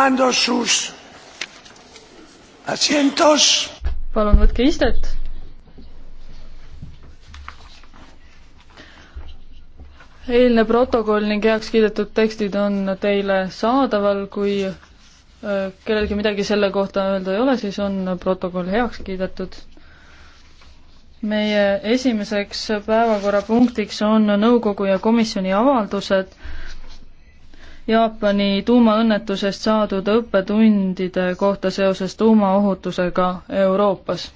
tomando sus asientos. palun võtke istet. eilne protokoll ning heaks kiidetud tekstid on teile saadaval, kui äh, kellelgi midagi selle kohta öelda ei ole, siis on protokoll heaks kiidetud. meie esimeseks päevakorrapunktiks on nõukogu ja komisjoni avaldused Jaapani tuumaõnnetusest saadud õppetundide kohta seoses tuumaohutusega Euroopas.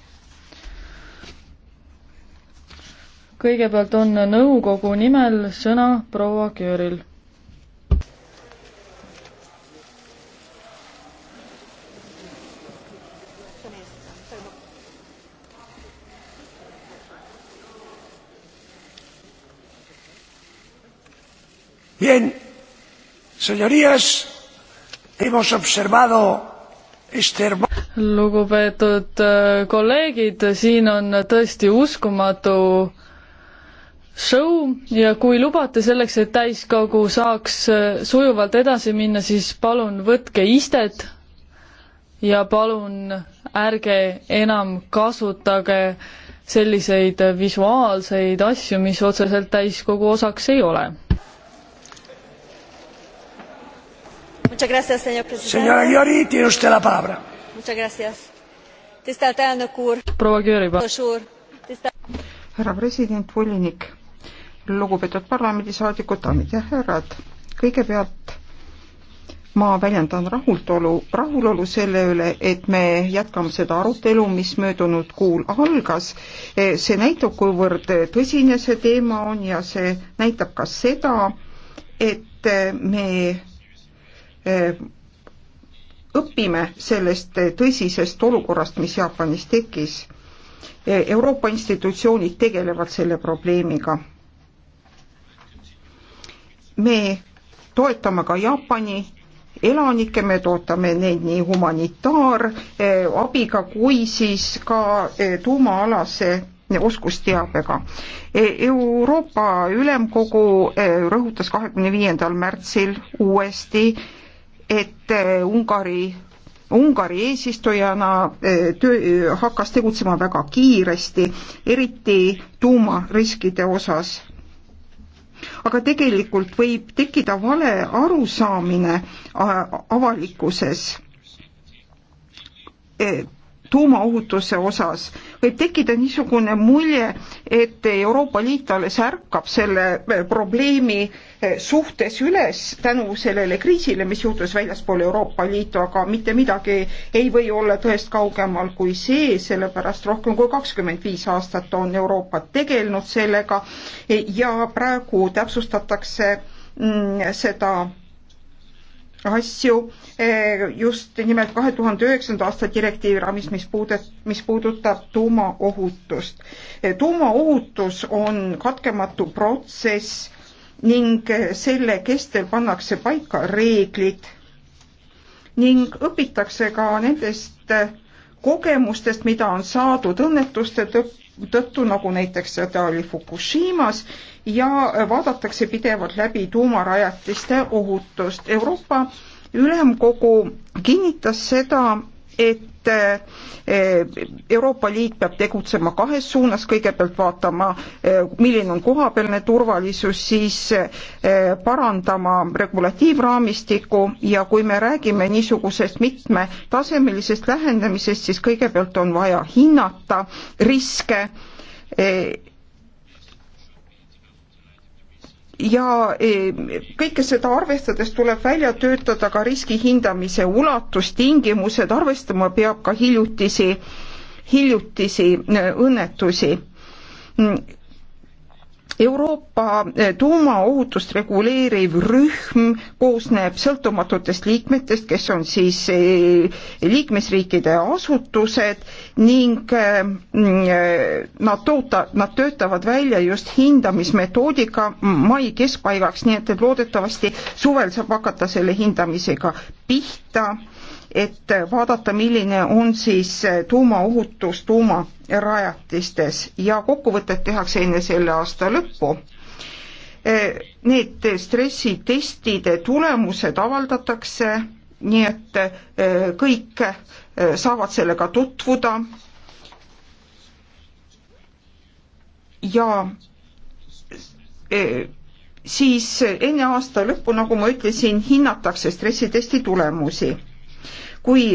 kõigepealt on nõukogu nimel sõna proua Kööril Bien. Señorías, hemos observado lugupeetud äh, kolleegid, siin on tõesti uskumatu show ja kui lubate selleks, et täiskogu saaks äh, sujuvalt edasi minna, siis palun võtke istet ja palun ärge enam kasutage selliseid visuaalseid asju, mis otseselt täiskogu osaks ei ole. Gracias, señor Señora Gyori, tiene usted la palabra. tisztelt elnök úr, proua Győri, härra president, volinik, lugupeetud parlamendisaadikud, daamid ja härrad, kõigepealt ma väljendan rahultolu, rahulolu selle üle, et me jätkame seda arutelu, mis möödunud kuul algas. Eh, see näitab, kuivõrd tõsine see teema on ja see näitab ka seda, et eh, me Äh, õpime sellest äh, tõsisest olukorrast, mis Jaapanis tekkis. Äh, Euroopa institutsioonid tegelevad selle probleemiga. me toetame ka Jaapani elanikke, me toetame neid nii humanitaarabiga kui siis ka tuumaalase oskusteabega. Euroopa Ülemkogu rõhutas kahekümne viiendal märtsil uuesti et eh, Ungari Ungari eesistujana eh, töö, eh, hakkas tegutsema väga kiiresti, eriti tuumariskide osas. aga tegelikult võib tekkida vale arusaamine avalikkuses tuumaohutuse osas võib tekkida niisugune mulje, et Euroopa Liit alles ärkab selle eh, probleemi eh, suhtes üles tänu sellele kriisile, mis juhtus väljaspool Euroopa Liitu, aga mitte midagi ei või olla tõest kaugemal kui see, sellepärast rohkem kui kakskümmend viis aastat on Euroopa tegelenud sellega ja praegu täpsustatakse mm, seda asju eh, just nimelt kahe tuhande üheksanda aasta direktiivi raamis, mis puudet-, mis puudutab tuumaohutust. Eh, tuumaohutus on katkematu protsess ning eh, selle kestel pannakse paika reeglid ning õpitakse ka nendest kogemustest, mida on saadud õnnetuste tõttu, nagu näiteks seda oli Fukushimas ja vaadatakse pidevalt läbi tuumarajatiste ohutust. Euroopa Ülemkogu kinnitas seda, et eh, Euroopa Liit peab tegutsema kahes suunas, kõigepealt vaatama, eh, milline on kohapealne turvalisus, siis eh, parandama regulatiivraamistikku ja kui me räägime niisugusest mitmetasemelisest lähenemisest, siis kõigepealt on vaja hinnata riske ja e, kõike seda arvestades tuleb välja töötada ka riski hindamise ulatustingimused, arvestama peab ka hiljutisi, hiljutisi e, õnnetusi Euroopa eh, tuumaohutust reguleeriv rühm koosneb sõltumatutest liikmetest, kes on siis eh, liikmesriikide asutused ning eh, nad toota, nad töötavad välja just hindamismetoodika mai keskpaigaks, nii et, et loodetavasti suvel saab hakata selle hindamisega pihta, et vaadata, milline on siis tuumaohutus, tuuma rajatistes ja kokkuvõtted tehakse enne selle aasta lõppu. Eh, need stressitestide tulemused avaldatakse, nii et eh, kõik eh, saavad sellega tutvuda. ja siis enne aasta lõppu, nagu ma ütlesin, hinnatakse stressitesti tulemusi kui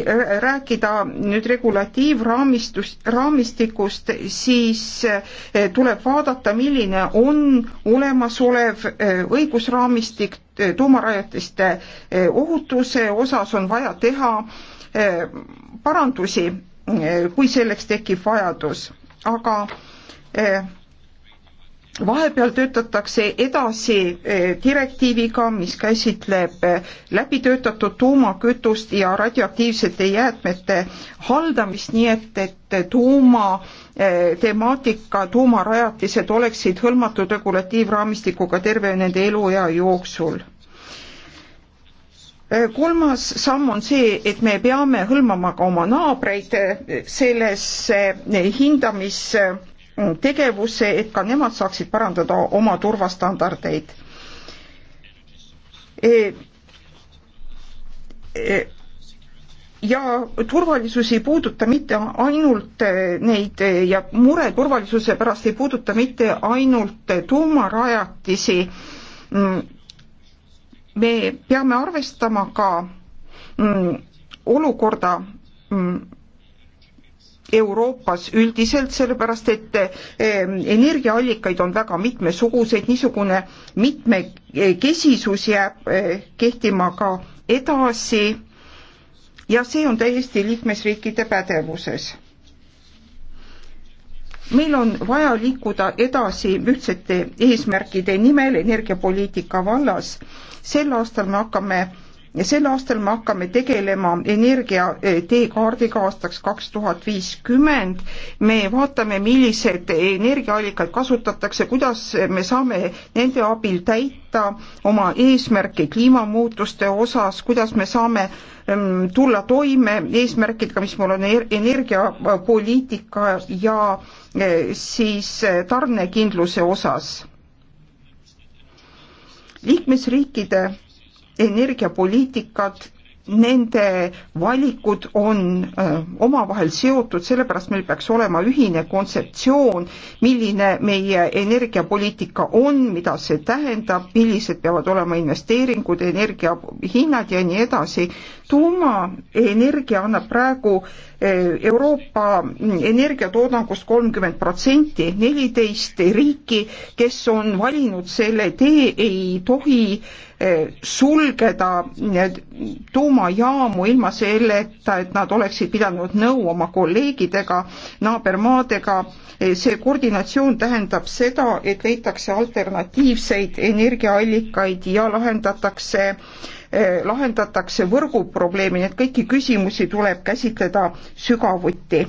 rääkida nüüd regulatiivraamistust, raamistikust, siis eh, tuleb vaadata, milline on olemasolev eh, õigusraamistik eh, tuumarajatiste ohutuse osas on vaja teha parandusi, kui selleks tekib vajadus, aga vahepeal töötatakse edasi eh, direktiiviga, mis käsitleb eh, läbitöötatud tuumakütust ja radioaktiivsete jäätmete haldamist, nii et, et tuuma eh, temaatika, tuumarajatised oleksid hõlmatud regulatiivraamistikuga terve nende eluea jooksul kolmas samm on see, et me peame hõlmama ka oma naabreid selles hindamis- Mm, tegevusse, et ka nemad saaksid parandada oma turvastandardeid e,. E, ja turvalisus ei puuduta mitte ainult e, neid e, ja mure turvalisuse pärast ei puuduta mitte ainult tuumarajatisi. Mm, me peame arvestama ka mm, olukorda Euroopas üldiselt, sellepärast et ehm, energiaallikaid on väga mitmesuguseid, niisugune mitmekesisus jääb eh, kehtima ka edasi ja see on täiesti liikmesriikide pädevuses. meil on vaja liikuda edasi ühtsete eesmärkide nimel energiapoliitika vallas. sel aastal me hakkame ja sel aastal me hakkame tegelema energia eh, teekaardiga aastaks kaks tuhat viiskümmend. me vaatame, millised energiaallikaid kasutatakse, kuidas me saame nende abil täita oma eesmärke kliimamuutuste osas, kuidas me saame mm, tulla toime eesmärkidega, mis mul on e-, energiapoliitika ja eh, siis eh, tarnekindluse osas. liikmesriikide energiapoliitikat, nende valikud on äh, omavahel seotud, sellepärast meil peaks olema ühine kontseptsioon, milline meie energiapoliitika on, mida see tähendab, millised peavad olema investeeringud, energiahinnad ja nii edasi. tuumaenergia annab praegu äh, Euroopa energiatoodangust kolmkümmend protsenti, neliteist riiki, kes on valinud selle tee, ei tohi eh, sulgeda tuumajaamu ilma selleta, et nad oleksid pidanud nõu oma kolleegidega, naabermaadega. Eh, see koordinatsioon tähendab seda, et leitakse alternatiivseid energiaallikaid ja lahendatakse äh, Eh, lahendatakse võrguprobleemi, nii et kõiki küsimusi tuleb käsitleda sügavuti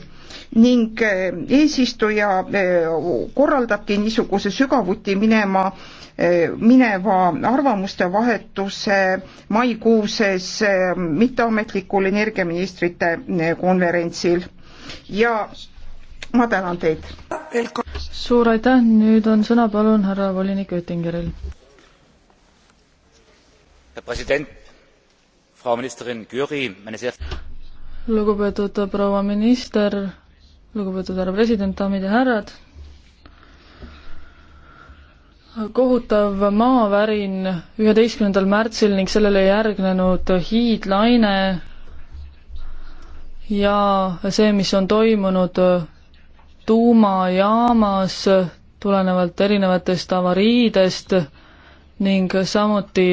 ning eh, eesistuja eh, korraldabki niisuguse sügavuti minema, mineva arvamuste vahetuse maikuuses mitteametlikul energiaministrite konverentsil ja ma tänan teid. suur aitäh, nüüd on sõna palun härra volinik Oettingeril herr präsident frau ministerin gyri meine sehr lugupeetud proua minister lugupeetud härra president daamid ja härrad kohutav maavärin üheteistkümnendal märtsil ning sellele järgnenud hiidlaine ja see, mis on toimunud tuumajaamas tulenevalt erinevatest avariidest ning samuti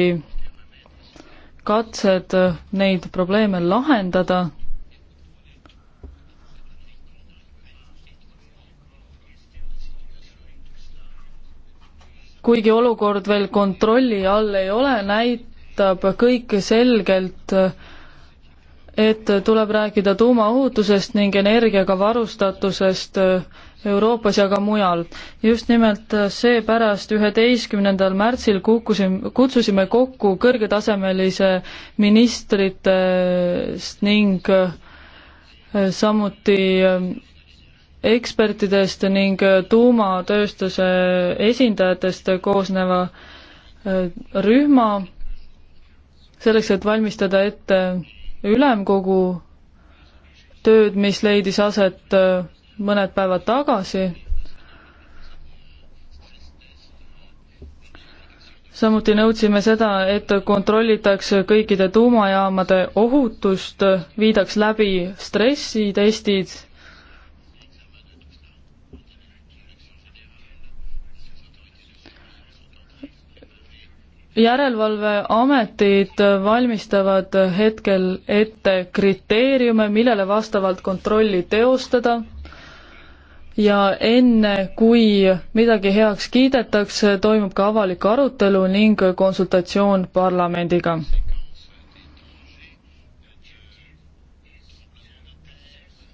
katsed neid probleeme lahendada. kuigi olukord veel kontrolli all ei ole, näitab kõik selgelt, et tuleb rääkida tuumaohutusest ning energiaga varustatusest äh, Euroopas ja ka mujal. just nimelt seepärast üheteistkümnendal märtsil kukkusime, kutsusime kokku kõrgetasemelise ministritest ning eh, samuti eh, ekspertidest ning eh, tuumatööstuse esindajatest koosneva rühma, selleks, et valmistada ette ülemkogu tööd, mis leidis aset mõned päevad tagasi. samuti nõudsime seda, et kontrollitakse kõikide tuumajaamade ohutust, viidaks läbi stressitestid järelevalveametid valmistavad hetkel ette kriteeriume, millele vastavalt kontrolli teostada ja enne, kui midagi heaks kiidetakse, toimub ka avalik arutelu ning konsultatsioon parlamendiga.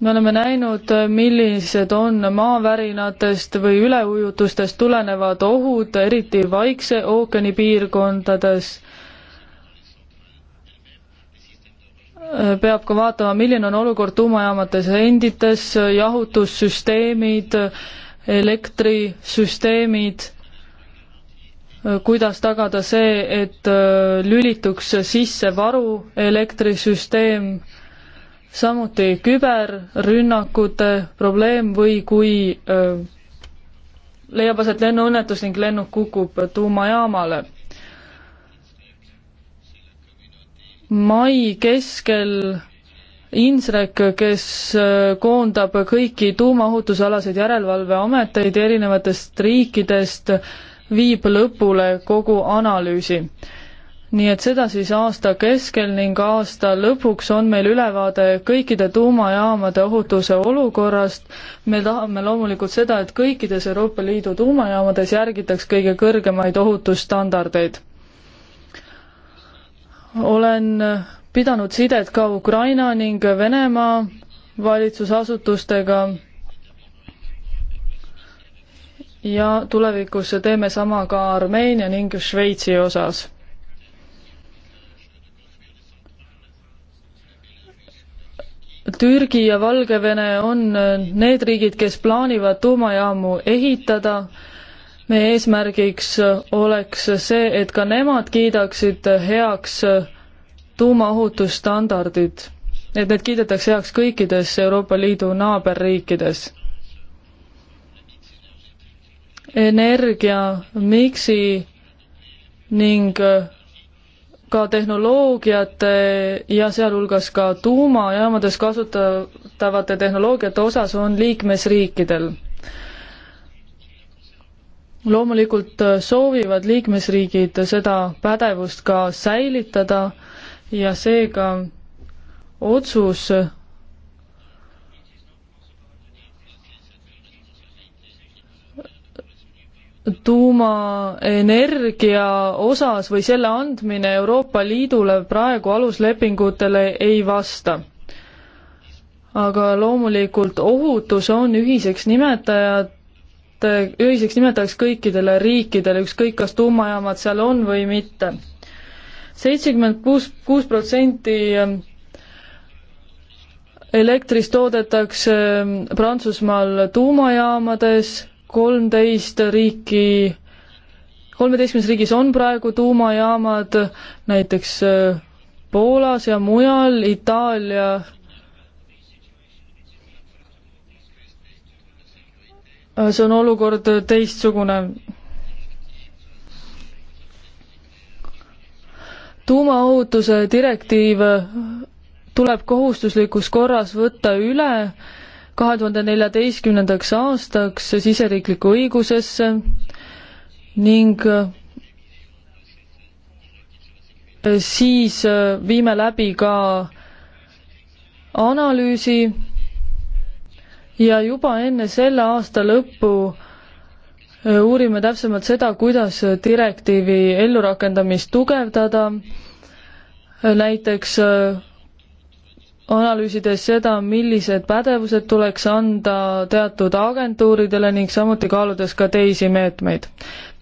me oleme näinud, millised on maavärinatest või üleujutustest tulenevad ohud, eriti Vaikse ookeani piirkondades peab ka vaatama, milline on olukord tuumajaamades endites, jahutussüsteemid, elektrisüsteemid, kuidas tagada see, et äh, lülituks sisse varu elektrisüsteem, samuti küberrünnakute probleem või kui äh, leiab aset lennuõnnetus ning lennuk kukub tuumajaamale mai keskel Insrek, kes äh, koondab kõiki tuumaohutusealaseid järelevalveameteid erinevatest riikidest, viib lõpule kogu analüüsi. nii et seda siis aasta keskel ning aasta lõpuks on meil ülevaade kõikide tuumajaamade ohutuse olukorrast. me tahame loomulikult seda, et kõikides Euroopa Liidu tuumajaamades järgitaks kõige kõrgemaid ohutusstandardeid olen pidanud sidet ka Ukraina ning Venemaa valitsusasutustega ja tulevikus teeme sama ka Armeenia ning Šveitsi osas. Türgi ja Valgevene on need riigid, kes plaanivad tuumajaamu ehitada meie eesmärgiks oleks see, et ka nemad kiidaksid heaks tuumaohutusstandardid, et need kiidetakse heaks kõikides Euroopa Liidu naaberriikides. energia, miksi ning ka tehnoloogiate ja sealhulgas ka tuumajaamades kasutatavate tehnoloogiate osas on liikmesriikidel loomulikult äh, soovivad liikmesriigid seda pädevust ka säilitada ja seega otsus äh, tuumaenergia osas või selle andmine Euroopa Liidule praegu aluslepingutele ei vasta. aga loomulikult ohutus on ühiseks nimetajad ühiseks nimetajaks kõikidele riikidele, ükskõik kas tuumajaamad seal on või mitte. seitsekümmend kuus, kuus protsenti ähm, elektrist toodetakse ähm, Prantsusmaal tuumajaamades, kolmteist riiki, kolmeteistkümnes riigis on praegu tuumajaamad, näiteks äh, Poolas ja mujal, Itaalia Äh, see on olukord äh, teistsugune. tuumaohutuse direktiiv äh, tuleb kohustuslikus korras võtta üle kahe tuhande neljateistkümnendaks aastaks siseriiklikku õigusesse ning siis viime läbi ka analüüsi ja juba enne selle aasta lõppu äh, uurime täpsemalt seda, kuidas direktiivi ellurakendamist tugevdada, äh, näiteks äh, analüüsides seda, millised pädevused tuleks anda teatud agentuuridele ning samuti kaaludes ka teisi meetmeid.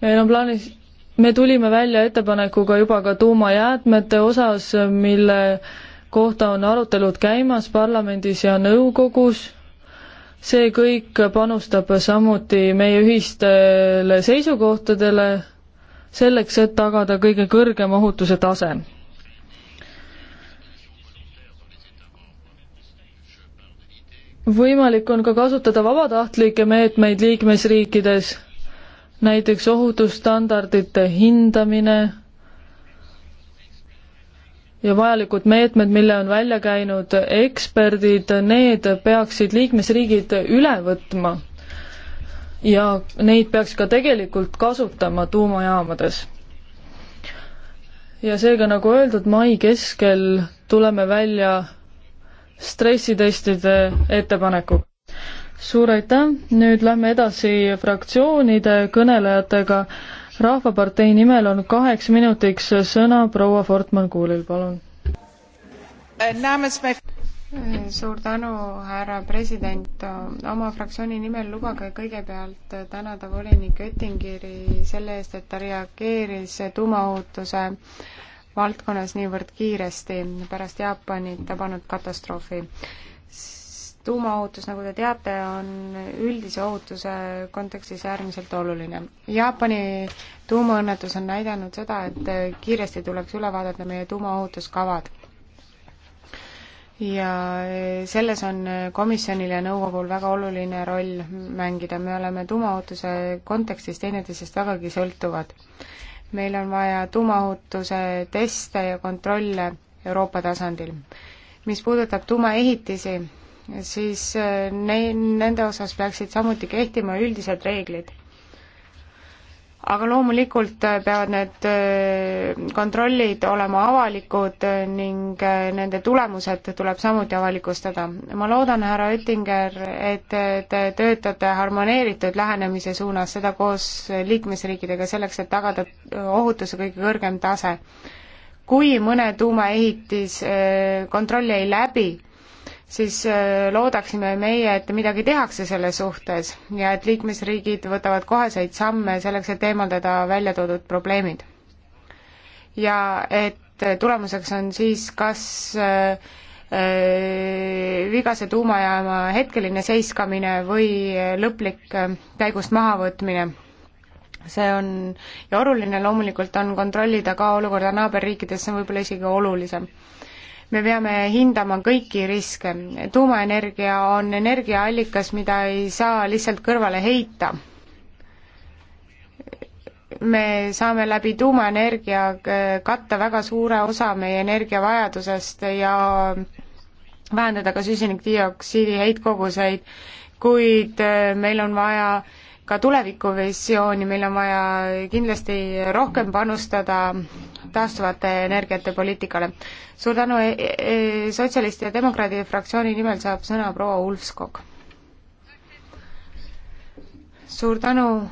meil on plaanis, me tulime välja ettepanekuga juba ka tuumajäätmete osas, mille kohta on arutelud käimas parlamendis ja nõukogus see kõik panustab samuti meie ühistele seisukohtadele, selleks et tagada kõige kõrgem ohutuse tase. võimalik on ka kasutada vabatahtlikke meetmeid liikmesriikides, näiteks ohutusstandardite hindamine ja vajalikud meetmed, mille on välja käinud eksperdid, need peaksid liikmesriigid üle võtma. ja neid peaks ka tegelikult kasutama tuumajaamades. ja seega, nagu öeldud, mai keskel tuleme välja stressitestide ettepanekuga suur aitäh, nüüd lähme edasi fraktsioonide kõnelejatega rahvapartei nimel on kaheks minutiks sõna proua Fortman Kuulil, palun. suur tänu, härra president. oma fraktsiooni nimel lubage kõigepealt tänada volinik Oettingeri selle eest, et ta reageeris tuumaohutuse valdkonnas niivõrd kiiresti pärast Jaapani tabanud katastroofi tuumaohutus, nagu te teate, on üldise ohutuse kontekstis äärmiselt oluline. Jaapani tuumaõnnetus on näidanud seda, et kiiresti tuleks üle vaadata meie tuumaohutuskavad. ja selles on komisjonil ja nõukogul väga oluline roll mängida, me oleme tuumaohutuse kontekstis teineteisest vägagi sõltuvad. meil on vaja tuumaohutuse teste ja kontrolle Euroopa tasandil. mis puudutab tuumaehitisi, siis äh, ne-, nende osas peaksid samuti kehtima üldised reeglid. aga loomulikult äh, peavad need äh, kontrollid olema avalikud ning nende tulemused tuleb samuti avalikustada. ma loodan, härra Oettinger, et te töötate harmoneeritud lähenemise suunas, seda koos liikmesriikidega, selleks et tagada ohutuse kõige kõrgem tase. kui mõne tuumaehitis kontrolli ei läbi, siis äh, loodaksime meie, et midagi tehakse selle suhtes ja et liikmesriigid võtavad koheseid samme selleks, et eemaldada välja toodud probleemid. ja et tulemuseks on siis kas äh, äh vigase tuumajaama hetkeline seiskamine või lõplik äh, käigust mahavõtmine. see on, ja oluline loomulikult on kontrollida ka olukorda naaberriikides, see on võib-olla isegi olulisem me peame hindama kõiki riske. tuumaenergia on energiaallikas, mida ei saa lihtsalt kõrvale heita. me saame läbi tuumaenergia katta väga suure osa meie energiavajadusest ja vähendada ka süsinikdioksiidi heitkoguseid, kuid meil on vaja äh, ka tulevikuvisiooni, meil on vaja kindlasti rohkem panustada taastuvate energiate poliitikale. suur tänu e, e, e Sotsialistide ja Demokraatide fraktsiooni nimel saab sõna proua Ulfskog. suur tänu,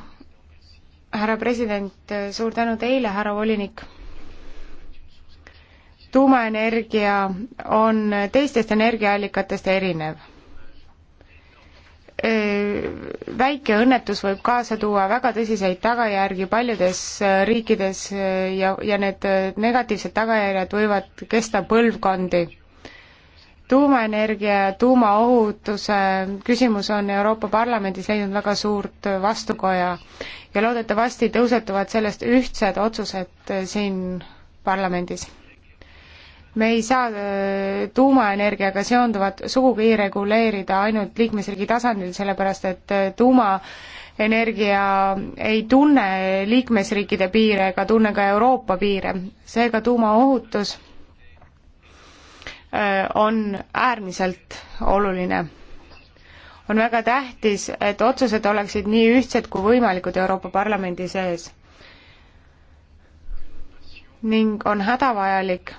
härra president, suur tänu teile, härra volinik tuumaenergia on teistest energiaallikatest erinev Äh, väike õnnetus võib kaasa tuua väga tõsiseid tagajärgi paljudes äh, riikides äh, ja, ja need negatiivsed tagajärjed võivad kesta põlvkondi. tuumaenergia ja tuumaohutuse küsimus on Euroopa Parlamendis leidnud väga suurt vastukoja ja loodetavasti tõusetuvad sellest ühtsed otsused siin parlamendis me ei saa äh, tuumaenergiaga seonduvat sugugi reguleerida ainult liikmesriigi tasandil, sellepärast et äh, tuumaenergia ei tunne liikmesriikide piire ega tunne ka Euroopa piire, seega tuumaohutus äh, on äärmiselt oluline. on väga tähtis, et otsused oleksid nii ühtsed kui võimalikud Euroopa Parlamendi sees. ning on hädavajalik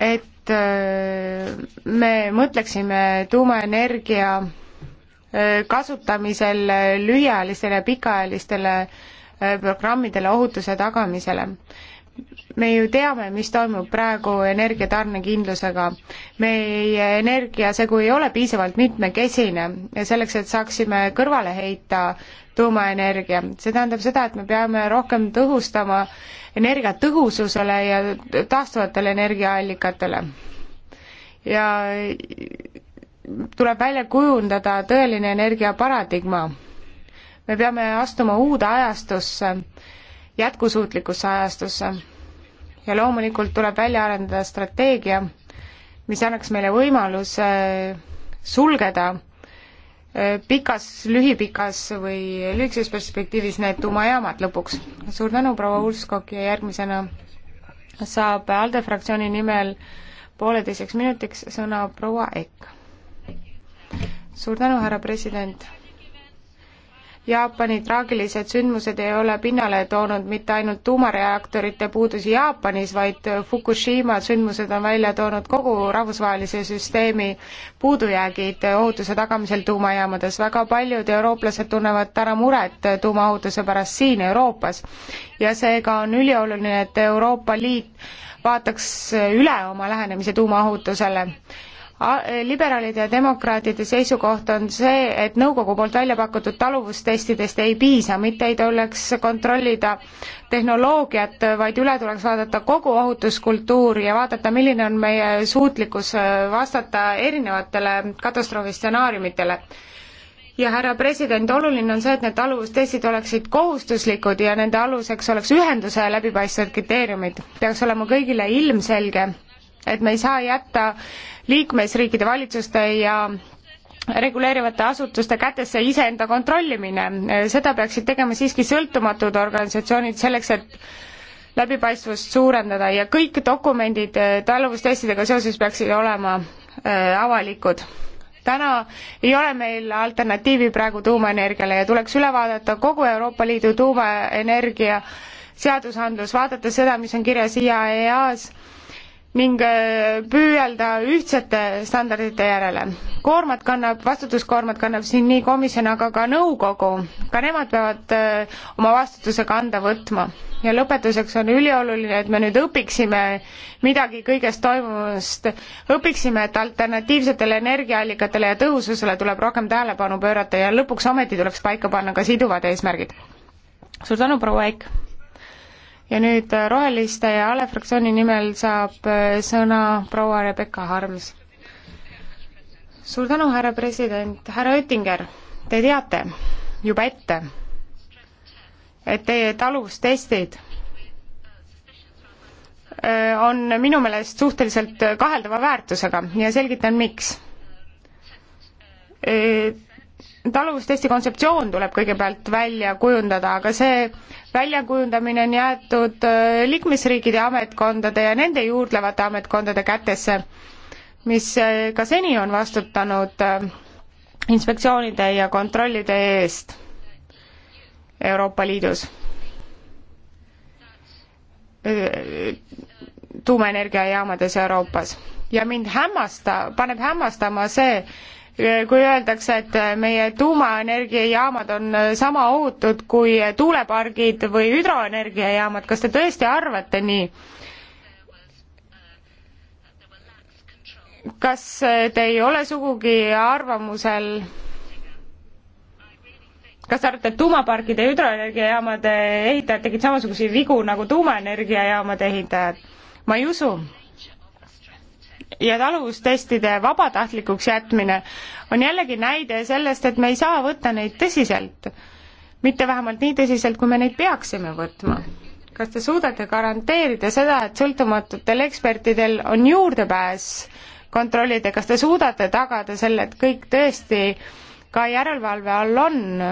et äh, me mõtleksime tuumaenergia äh, kasutamisel lühiajalistele ja pikaajalistele äh, programmidele ohutuse tagamisele me ju teame, mis toimub praegu energiatarnekindlusega. meie energiasegu ei ole piisavalt mitmekesine selleks, et saaksime kõrvale heita tuumaenergia. see tähendab seda, et me peame rohkem tõhustama energiatõhususele ja taastuvatele energiaallikatele. ja tuleb välja kujundada tõeline energiaparadigma. me peame astuma uude ajastusse, jätkusuutlikkusse ajastusse ja loomulikult tuleb välja arendada strateegia, mis annaks meile võimaluse äh, sulgeda äh, pikas, lühipikas või lühikeses perspektiivis need tuumajaamad lõpuks. suur tänu, proua Ulskog ja järgmisena saab ALDE fraktsiooni nimel pooleteiseks minutiks sõna proua Ekk. suur tänu, härra president Jaapani traagilised sündmused ei ole pinnale toonud mitte ainult tuumareaktorite puudusi Jaapanis, vaid Fukushima sündmused on välja toonud kogu rahvusvahelise süsteemi puudujäägid ohutuse tagamisel tuumajaamades. väga paljud eurooplased tunnevad täna muret tuumaohutuse pärast siin Euroopas ja seega on ülioluline, et Euroopa Liit vaataks üle oma lähenemise tuumaohutusele liberaalide ja demokraatide seisukoht on see, et nõukogu poolt välja pakutud taluvustestidest ei piisa, mitte ei tuleks kontrollida tehnoloogiat, vaid üle tuleks vaadata kogu ohutuskultuuri ja vaadata, milline on meie suutlikkus äh, vastata erinevatele katastroofistsenaariumitele ja härra president, oluline on see, et need taluvustestid oleksid kohustuslikud ja nende aluseks oleks ühenduse läbipaistvad kriteeriumid. peaks olema kõigile ilmselge, et me ei saa jätta liikmesriikide valitsuste ja reguleerivate asutuste kätesse iseenda kontrollimine, seda peaksid tegema siiski sõltumatud organisatsioonid selleks, et läbipaistvust suurendada ja kõik dokumendid eh, taluvustestidega seoses peaksid olema eh, avalikud. täna ei ole meil alternatiivi praegu tuumaenergiale ja tuleks üle vaadata kogu Euroopa Liidu tuumaenergia seadusandlus, vaadata seda, mis on kirjas IAEA-s ning äh, püüelda ühtsete standardite järele. koormat kannab, vastutuskoormat kannab siin nii komisjon, aga ka nõukogu. ka nemad peavad äh, oma vastutuse kanda võtma. ja lõpetuseks on ülioluline, et me nüüd õpiksime midagi kõigest toimuvast, õpiksime, et alternatiivsetele energiaallikatele ja tõhususele tuleb rohkem tähelepanu pöörata ja lõpuks ometi tuleks paika panna ka siduvad eesmärgid. suur tänu, proua Eik! ja nüüd äh, Roheliste ja Ale fraktsiooni nimel saab äh, sõna proua Rebecca Harms. suur tänu, härra president, härra Oettinger, te teate juba ette, et teie talustestid äh, on minu meelest suhteliselt kaheldava väärtusega ja selgitan, miks taluvustesti kontseptsioon tuleb kõigepealt välja kujundada, aga see väljakujundamine on jäetud äh, liikmesriikide ametkondade ja nende juurdlevate ametkondade kätesse, mis äh, ka seni on vastutanud äh, inspektsioonide ja kontrollide eest Euroopa Liidus. tuumaenergiajaamades Euroopas ja mind hämmasta, paneb hämmastama see, kui öeldakse, et meie tuumaenergiajaamad on sama ohutud kui tuulepargid või hüdroenergiajaamad, kas te tõesti arvate nii? kas te ei ole sugugi arvamusel kas te arvate, et tuumaparkide ja hüdroenergiajaamade ehitajad tegid samasuguseid vigu nagu tuumaenergiajaamade ehitajad? ma ei usu ja taluvustestide vabatahtlikuks jätmine on jällegi näide sellest, et me ei saa võtta neid tõsiselt. mitte vähemalt nii tõsiselt, kui me neid peaksime võtma. kas te suudate garanteerida seda, et sõltumatutel ekspertidel on juurdepääs kontrollida, kas te suudate tagada selle, et kõik tõesti ka järelevalve all on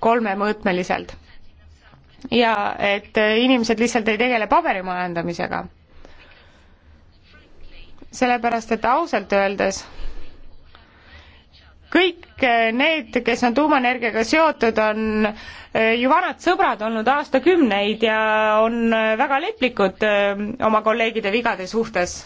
kolmemõõtmeliselt? ja et inimesed lihtsalt ei tegele paberimajandamisega sellepärast et ausalt öeldes kõik eh, need, kes on tuumaenergiaga seotud, on eh, ju vanad sõbrad olnud aastakümneid ja on eh, väga leplikud oma kolleegide vigade suhtes.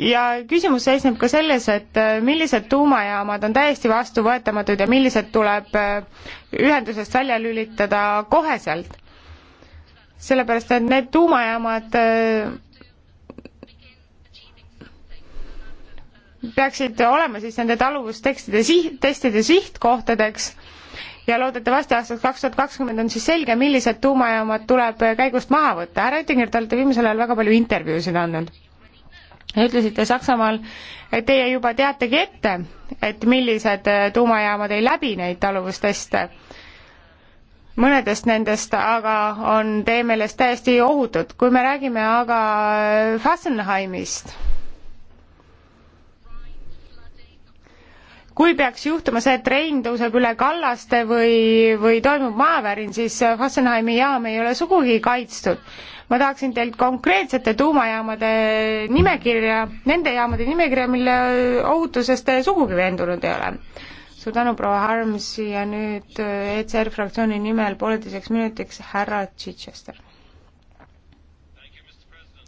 ja küsimus seisneb ka selles, et millised tuumajaamad on täiesti vastuvõetamatud ja millised tuleb ühendusest välja lülitada koheselt sellepärast et need tuumajaamad äh, peaksid olema siis nende taluvustekstide siht, testide sihtkohtadeks ja loodetavasti aastaks kaks tuhat kakskümmend on siis selge, millised tuumajaamad tuleb käigust maha võtta. härra Oettinger, te olete viimasel ajal väga palju intervjuusid andnud. ütlesite Saksamaal, et teie juba teategi ette, et millised äh, tuumajaamad ei läbi neid taluvusteste mõnedest nendest aga on teie meelest täiesti ohutud. kui me räägime aga Fassenheimist, kui peaks juhtuma see, et Rein tõuseb üle kallaste või, või toimub maavärin, siis Fassenheimi jaam ei ole sugugi kaitstud. ma tahaksin teilt konkreetsete tuumajaamade nimekirja, nende jaamade nimekirja, mille ohutuses te sugugi veendunud ei ole suur tänu, proua Harms ja nüüd äh, ECR fraktsiooni nimel pooleteiseks minutiks härra Chichester.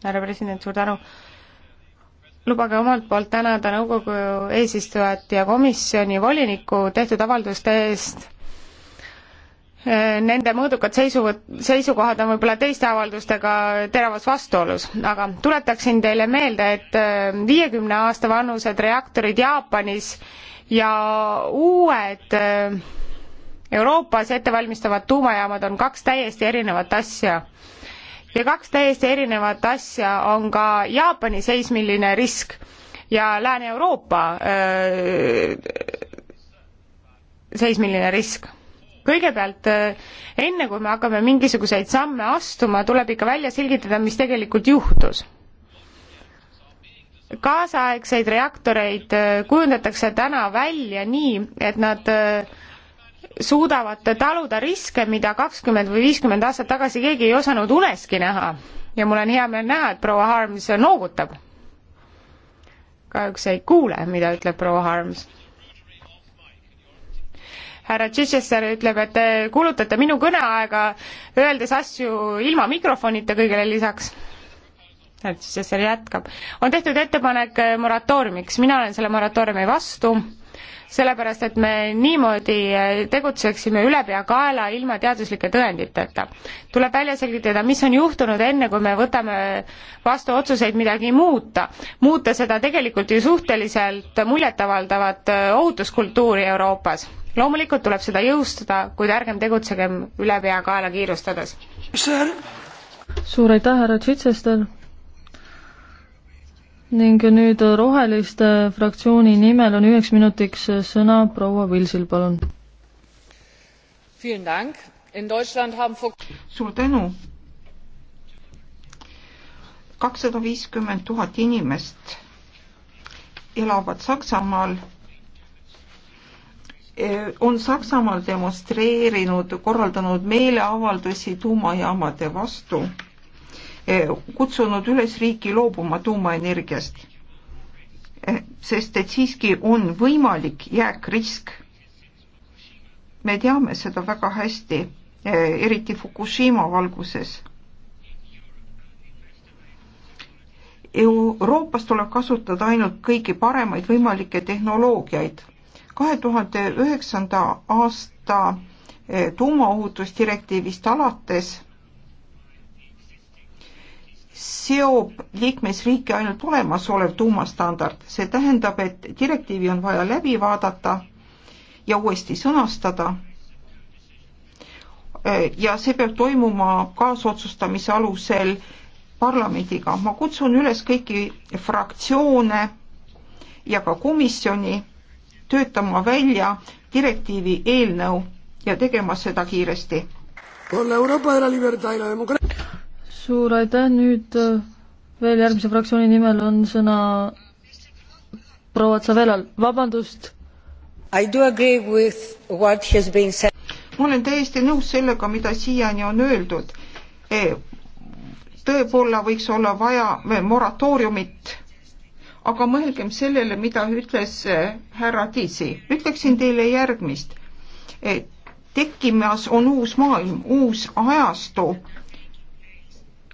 härra president, suur tänu. lubage omalt poolt tänada nõukogu eesistujat ja komisjoni volinikku tehtud avalduste eest. Äh, nende mõõdukad seisuvõt-, seisukohad on võib-olla teiste avaldustega teravas vastuolus, aga tuletaksin teile meelde, et äh, viiekümne aasta vanused reaktorid Jaapanis ja uued äh, Euroopas ettevalmistavad tuumajaamad on kaks täiesti erinevat asja. ja kaks täiesti erinevat asja on ka Jaapani seismiline risk ja Lääne-Euroopa äh, seismiline risk kõigepealt äh, enne, kui me hakkame mingisuguseid samme astuma, tuleb ikka välja selgitada, mis tegelikult juhtus kaasaegseid reaktoreid äh, kujundatakse täna välja nii, et nad äh, suudavad taluda riske, mida kakskümmend või viiskümmend aastat tagasi keegi ei osanud uneski näha. ja mul on hea meel näha, et proua Harms noogutab. kahjuks ei kuule, mida ütleb proua Harms. härra Chichester ütleb, et te kulutate minu kõneaega, öeldes asju ilma mikrofonita kõigele lisaks ja selle jätkab. on tehtud ettepanek äh, moratooriumiks, mina olen selle moratooriumi vastu, sellepärast et me niimoodi äh, tegutseksime ülepeakaela ilma teaduslike tõenditeta. tuleb välja selgitada, mis on juhtunud enne, kui me võtame vastu otsuseid midagi muuta. muuta seda tegelikult ju suhteliselt muljetavaldavat äh, ohutuskultuuri Euroopas. loomulikult tuleb seda jõustada, kuid ärgem tegutsegem ülepeakaela kiirustades. suur aitäh, härra Tšitsester! ning nüüd Roheliste fraktsiooni nimel on üheks minutiks sõna proua Vilsil, palun. suur tänu. kakssada viiskümmend tuhat inimest elavad Saksamaal, e, on Saksamaal demonstreerinud, korraldanud meeleavaldusi tuumajaamade vastu Eh, kutsunud üles riiki loobuma tuumaenergiast, eh, sest et siiski on võimalik jääkrisk. me teame seda väga hästi, eh, eriti Fukushima valguses. Euroopas tuleb kasutada ainult kõige paremaid võimalikke tehnoloogiaid. kahe tuhande üheksanda aasta tuumaohutusdirektiivist alates seob liikmesriike ainult olemasolev tuumastandard, see tähendab, et direktiivi on vaja läbi vaadata ja uuesti sõnastada ja see peab toimuma kaasotsustamise alusel parlamendiga. ma kutsun üles kõiki fraktsioone ja ka komisjoni töötama välja direktiivi eelnõu ja tegema seda kiiresti suur aitäh, nüüd äh, veel järgmise fraktsiooni nimel on sõna proua Tsavelal, vabandust. I do agree with what has been said. ma olen täiesti nõus sellega, mida siiani on öeldud. E, tõepoolest võiks olla vaja moratooriumit, aga mõelgem sellele, mida ütles e, härra Tiisi. ütleksin teile järgmist e, tekkimas on uus maailm, uus ajastu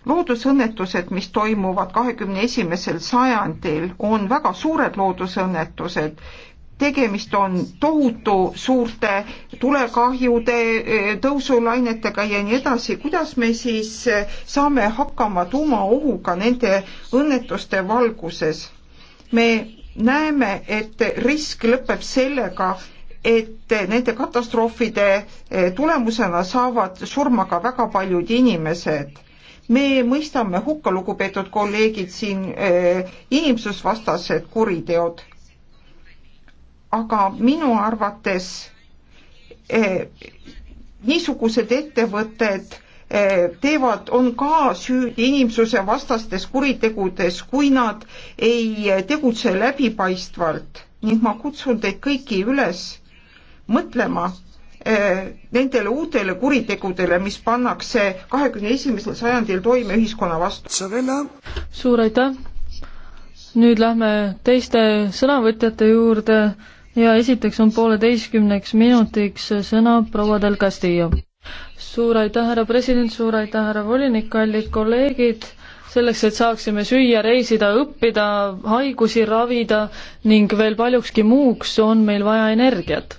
loodusõnnetused, mis toimuvad kahekümne esimesel sajandil, on väga suured loodusõnnetused. tegemist on tohutu suurte tulekahjude, eh, tõusulainetega ja nii edasi. kuidas me siis eh, saame hakkama tuumaohuga nende õnnetuste valguses? me näeme, et risk lõpeb sellega, et nende katastroofide eh, tulemusena saavad surma ka väga paljud inimesed me mõistame hukka, lugupeetud kolleegid, siin äh, inimsusvastased kuriteod. aga minu arvates äh, niisugused ettevõtted äh, teevad, on ka süüdi inimsuse vastastes kuritegudes, kui nad ei tegutse läbipaistvalt ning ma kutsun teid kõiki üles mõtlema Eh, nendele uutele kuritegudele, mis pannakse kahekümne esimesel sajandil toime ühiskonna vastu. suur aitäh! nüüd lähme teiste sõnavõtjate juurde ja esiteks on pooleteistkümneks minutiks sõna proua Del Castillo. suur aitäh, härra president, suur aitäh, härra volinik, kallid kolleegid, selleks, et saaksime süüa, reisida, õppida, haigusi ravida ning veel paljukski muuks, on meil vaja energiat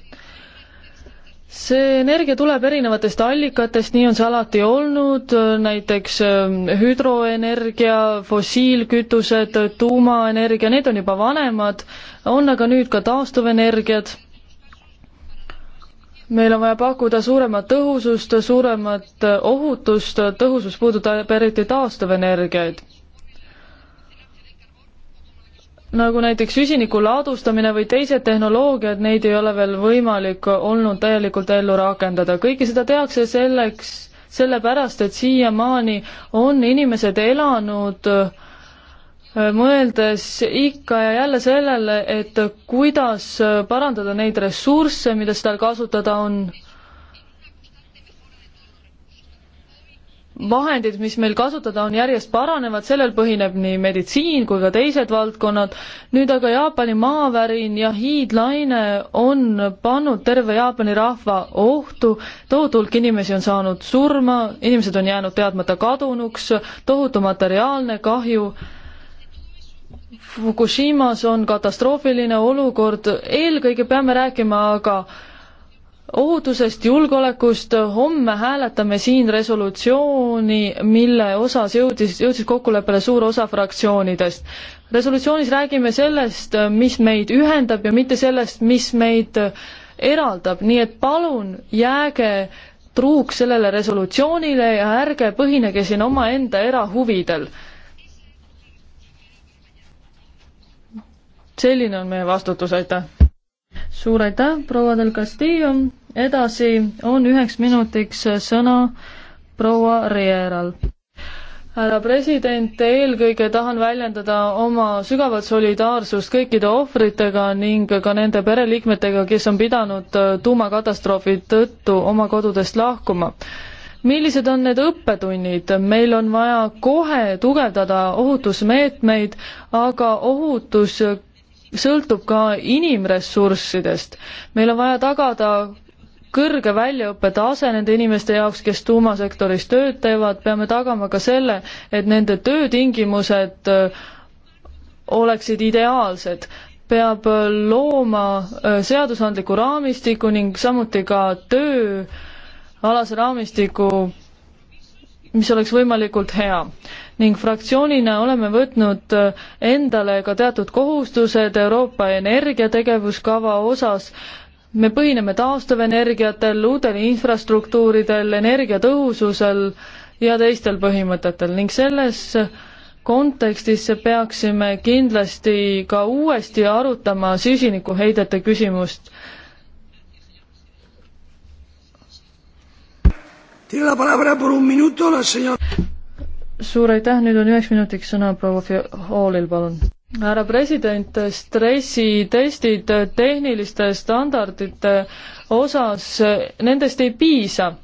see energia tuleb erinevatest allikatest, nii on see alati olnud, näiteks ähm, hüdroenergia, fossiilkütused, tuumaenergia, need on juba vanemad, on aga nüüd ka taastuvenergiad. meil on vaja pakkuda suuremat tõhusust, suuremat äh, ohutust, tõhusus puudutab eriti taastuvenergiaid nagu näiteks süsiniku ladustamine või teised tehnoloogiad, neid ei ole veel võimalik olnud täielikult ellu rakendada. kõike seda tehakse selleks, sellepärast et siiamaani on inimesed elanud äh, mõeldes ikka ja jälle sellele, et kuidas parandada neid ressursse, mida seal kasutada on vahendid, mis meil kasutada on, järjest paranevad, sellel põhineb nii meditsiin kui ka teised valdkonnad, nüüd aga Jaapani maavärin ja hiidlaine on pannud terve Jaapani rahva ohtu, tohutu hulk inimesi on saanud surma, inimesed on jäänud teadmata kadunuks, tohutu materiaalne kahju, Fukushimas on katastroofiline olukord, eelkõige peame rääkima aga äh, ohutusest, julgeolekust, homme hääletame siin resolutsiooni, mille osas jõudis, jõudis kokkuleppele suur osa fraktsioonidest. resolutsioonis räägime sellest, mis meid ühendab ja mitte sellest, mis meid eraldab, nii et palun jääge truuks sellele resolutsioonile ja ärge põhinege siin omaenda erahuvidel. selline on meie vastutus, aitäh! suur aitäh, proua del Castillo! edasi on üheks minutiks sõna proua Reieral. härra president, eelkõige tahan väljendada oma sügavat solidaarsust kõikide ohvritega ning ka nende pereliikmetega, kes on pidanud äh, tuumakatastroofi tõttu oma kodudest lahkuma millised on need õppetunnid, meil on vaja kohe tugevdada ohutusmeetmeid, aga ohutus sõltub ka inimressurssidest. meil on vaja tagada kõrge väljaõppetase nende inimeste jaoks, kes tuumasektoris tööd teevad, peame tagama ka selle, et nende töötingimused äh, oleksid ideaalsed. peab äh, looma äh, seadusandliku raamistiku ning samuti ka tööalase raamistiku, mis oleks võimalikult hea. ning fraktsioonina oleme võtnud endale ka teatud kohustused Euroopa energiategevuskava osas, me põhineme taastuvenergiatel, uutel infrastruktuuridel, energiatõhususel ja teistel põhimõtetel ning selles kontekstis peaksime kindlasti ka uuesti arutama süsinikuheidete küsimust. suur aitäh, nüüd on üheks minutiks sõna proua Fiolil, palun härra president, stressitestid tehniliste standardite osas, nendest ei piisa.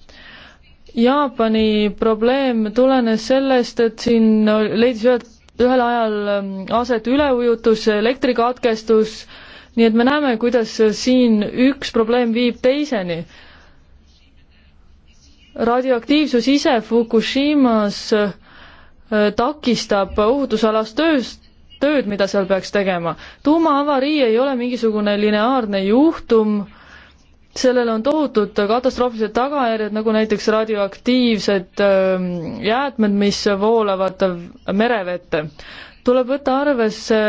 Jaapani probleem tulenes sellest, et siin leidis ühelt, ühel ajal ähm, aset üleujutus, elektrikatkestus, nii et me näeme, kuidas siin üks probleem viib teiseni. radioaktiivsus ise Fukushimas äh, takistab ohutusalast tööst, tööd, mida seal peaks tegema. tuumaavarii ei ole mingisugune lineaarne juhtum, sellel on tohutud katastroofilised tagajärjed, nagu näiteks radioaktiivsed jäätmed, mis voolavad merevette. tuleb võtta arvesse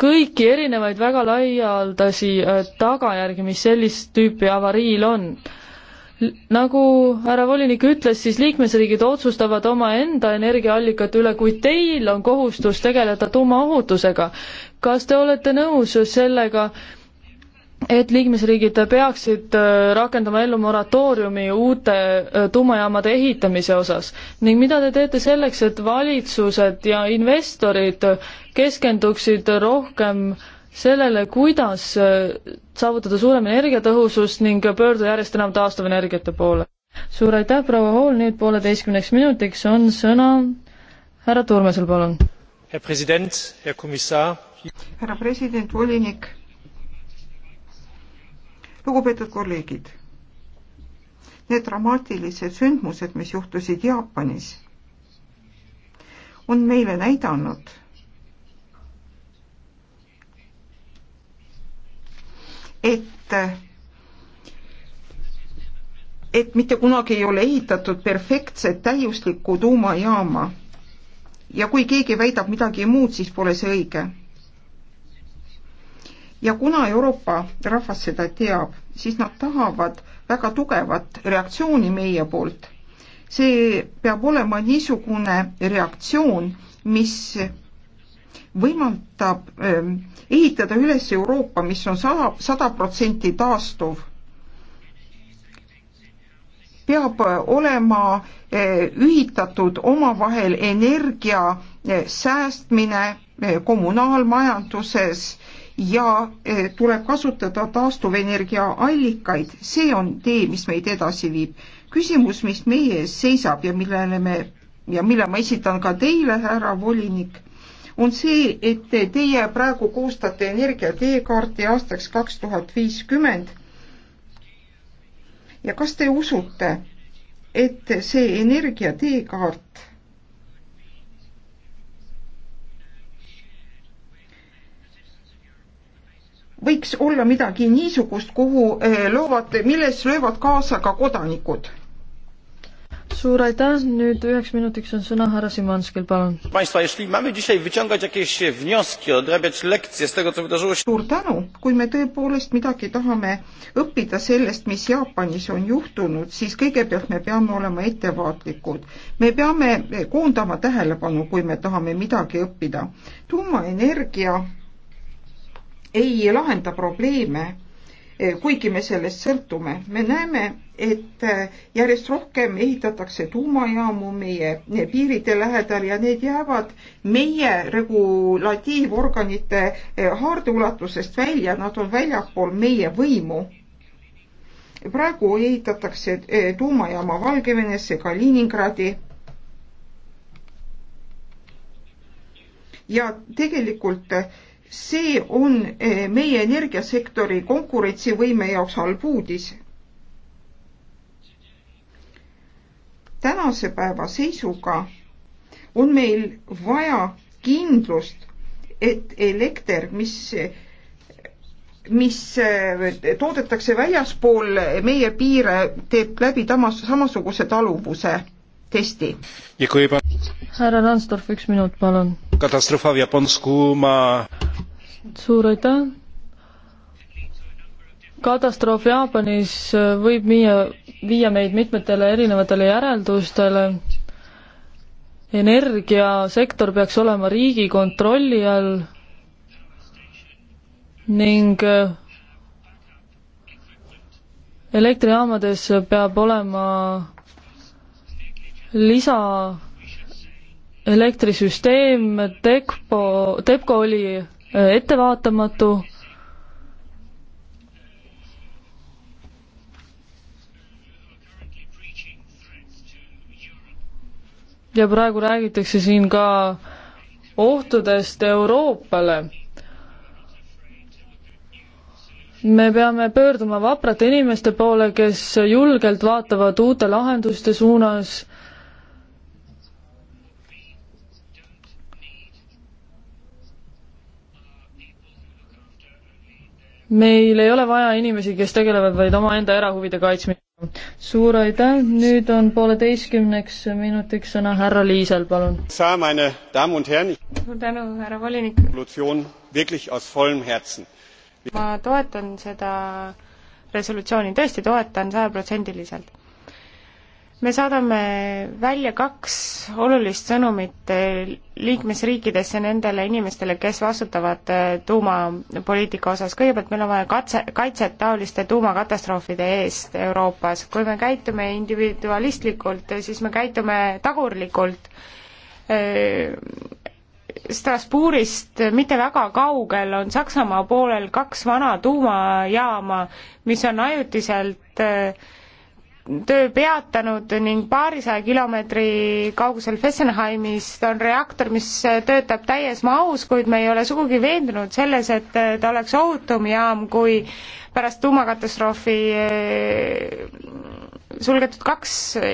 kõiki erinevaid väga laialdasi tagajärgi, mis sellist tüüpi avariil on nagu härra volinik ütles, siis liikmesriigid otsustavad omaenda energiaallikate üle, kuid teil on kohustus tegeleda tuumaohutusega. kas te olete nõus sellega, et liikmesriigid peaksid äh, rakendama ellu moratooriumi uute äh, tuumajaamade ehitamise osas ning mida te teete selleks, et valitsused ja investorid keskenduksid rohkem äh, sellele, kuidas äh, saavutada suurem energiatõhusus ning pöörduda järjest enam taastuvenergiate poole. suur aitäh, proua Hool, nüüd pooleteistkümneks minutiks on sõna härra Turmesel, palun. härra president, härra president, volinik, lugupeetud kolleegid, need dramaatilised sündmused, mis juhtusid Jaapanis, on meile näidanud et et mitte kunagi ei ole ehitatud perfektset täiuslikku tuumajaama. ja kui keegi väidab midagi muud, siis pole see õige. ja kuna Euroopa rahvas seda teab, siis nad tahavad väga tugevat reaktsiooni meie poolt. see peab olema niisugune reaktsioon, mis võimaldab öö, ähm, ehitada üles Euroopa, mis on sada, sada protsenti taastuv. peab äh, olema äh, ühitatud omavahel energia äh, säästmine kommunaalmajanduses ja tuleb kasutada taastuvenergia allikaid, see on tee, mis meid edasi viib. küsimus, mis meie ees seisab ja millele me ja mille ma esitan ka teile, härra volinik on see, et teie praegu koostate energia teekaarti aastaks kaks tuhat viiskümmend. ja kas te usute, et see energia teekaart võiks olla midagi niisugust, kuhu eh, loovad, milles löövad kaasa ka kodanikud suur aitäh, nüüd üheks minutiks on sõna härra Simanskil, palun. suur tänu, kui me tõepoolest midagi tahame õppida sellest, mis Jaapanis on juhtunud, siis kõigepealt me peame olema ettevaatlikud. me peame koondama tähelepanu, kui me tahame midagi õppida. tuumaenergia ei lahenda probleeme, kuigi me sellest sõltume, me näeme, et äh, järjest rohkem ehitatakse tuumajaamu meie piiride lähedal ja need jäävad meie regulatiivorganite äh, haardeulatusest välja, nad on väljapool meie võimu. praegu ehitatakse äh, tuumajaama Valgevenesse, Kaliningradi. ja tegelikult see on meie energiasektori konkurentsivõime jaoks halb uudis tänase päeva seisuga on meil vaja kindlust, et elekter, mis, mis äh, toodetakse väljaspool meie piire, teeb läbi tamas, samasuguse taluvuse testi. härra Ransdorf, üks minut, palun. suur aitäh. katastroof Jaapanis võib viia viia meid mitmetele erinevatele järeldustele. energiasektor peaks olema riigi kontrolli all ning äh, elektrijaamades peab olema lisa elektrisüsteem, Tekpo, Tepko oli äh, ettevaatamatu ja praegu räägitakse siin ka ohtudest Euroopale. me peame pöörduma vaprate inimeste poole, kes julgelt vaatavad uute lahenduste suunas. meil ei ole vaja inimesi, kes tegelevad vaid omaenda erahuvide kaitsmisega suur aitäh, nüüd on pooleteistkümneks minutiks sõna härra Liisel, palun. suur tänu, härra volinik. ma toetan seda resolutsiooni, tõesti toetan sajaprotsendiliselt me saadame välja kaks olulist sõnumit eh, liikmesriikidesse nendele inimestele, kes vastutavad eh, tuumapoliitika osas. kõigepealt meil on vaja katse, kaitset taoliste tuumakatastroofide eest Euroopas. kui me käitume individualistlikult, eh, siis me käitume tagurlikult. Strasbourgist mitte väga kaugel on Saksamaa poolel kaks vana tuumajaama, mis on ajutiselt äh, töö peatanud ning paarisaja kilomeetri kaugusel Fessenheimist on reaktor, mis töötab täies mahus, kuid me ei ole sugugi veendunud selles, et ta oleks ohutum jaam kui pärast tuumakatastroofi eh, sulgetud kaks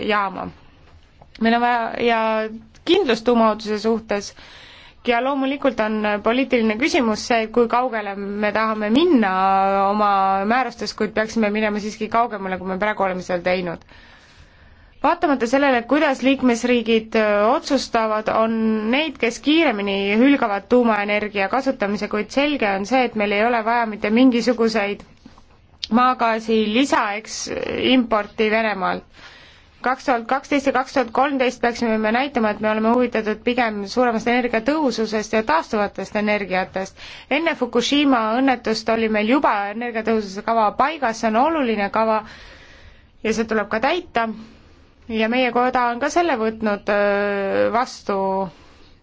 jaama. meil on vaja ja kindlust tuumaohutuse suhtes ja loomulikult on poliitiline küsimus see, kui kaugele me tahame minna oma määrustes, kuid peaksime minema siiski kaugemale, kui me praegu oleme seal teinud vaatamata sellele, kuidas liikmesriigid otsustavad, on neid, kes kiiremini hülgavad tuumaenergia kasutamise, kuid selge on see, et meil ei ole vaja mitte mingisuguseid maagaasi lisaeks importi Venemaalt kaks tuhat kaksteist ja kaks tuhat kolmteist peaksime me näitama, et me oleme huvitatud pigem suuremast energiatõhususest ja taastuvatest energiatest. enne Fukushima õnnetust oli meil juba energiatõhususe kava paigas, see on oluline kava ja see tuleb ka täita. ja meie koda on ka selle võtnud äh, vastu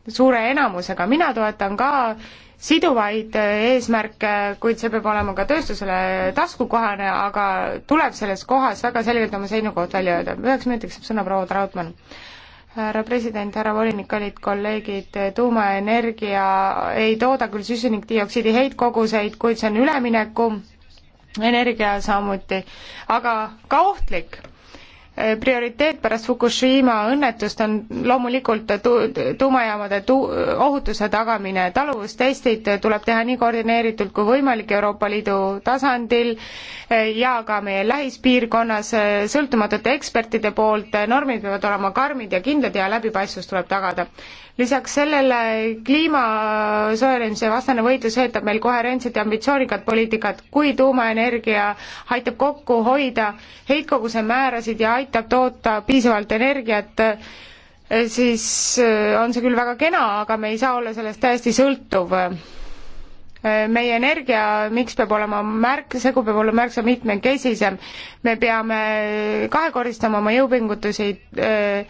suure enamusega, mina toetan ka siduvaid äh, eesmärke, kuid see peab olema ka tööstusele taskukohane, aga tuleb selles kohas väga selgelt oma seisukoht välja öelda. üheks minutiks saab sõna proua Trautmann härra president, härra volinik, kallid kolleegid, tuumaenergia ei tooda küll süsinikdioksiidi heitkoguseid, kuid see on ülemineku energia samuti, aga ka ohtlik prioriteet pärast Fukushima õnnetust on loomulikult tu-, tuumajaamade tu-, ohutuse tagamine, taluvustestid tuleb teha nii koordineeritult kui võimalik Euroopa Liidu tasandil ja ka meie lähispiirkonnas sõltumatute ekspertide poolt, normid peavad olema karmid ja kindlad ja läbipaistvus tuleb tagada lisaks sellele kliima soojenemise vastane võitlus eeldab meil koherentset ja ambitsioonikat poliitikat, kui tuumaenergia aitab kokku hoida heitkoguse määrasid ja aitab toota piisavalt energiat, eh, siis eh, on see küll väga kena, aga me ei saa olla sellest täiesti sõltuv eh, meie energia, miks peab olema märk, segu peab olema märksa mitmekesisem, me peame kahekordistama oma jõupingutusi öö,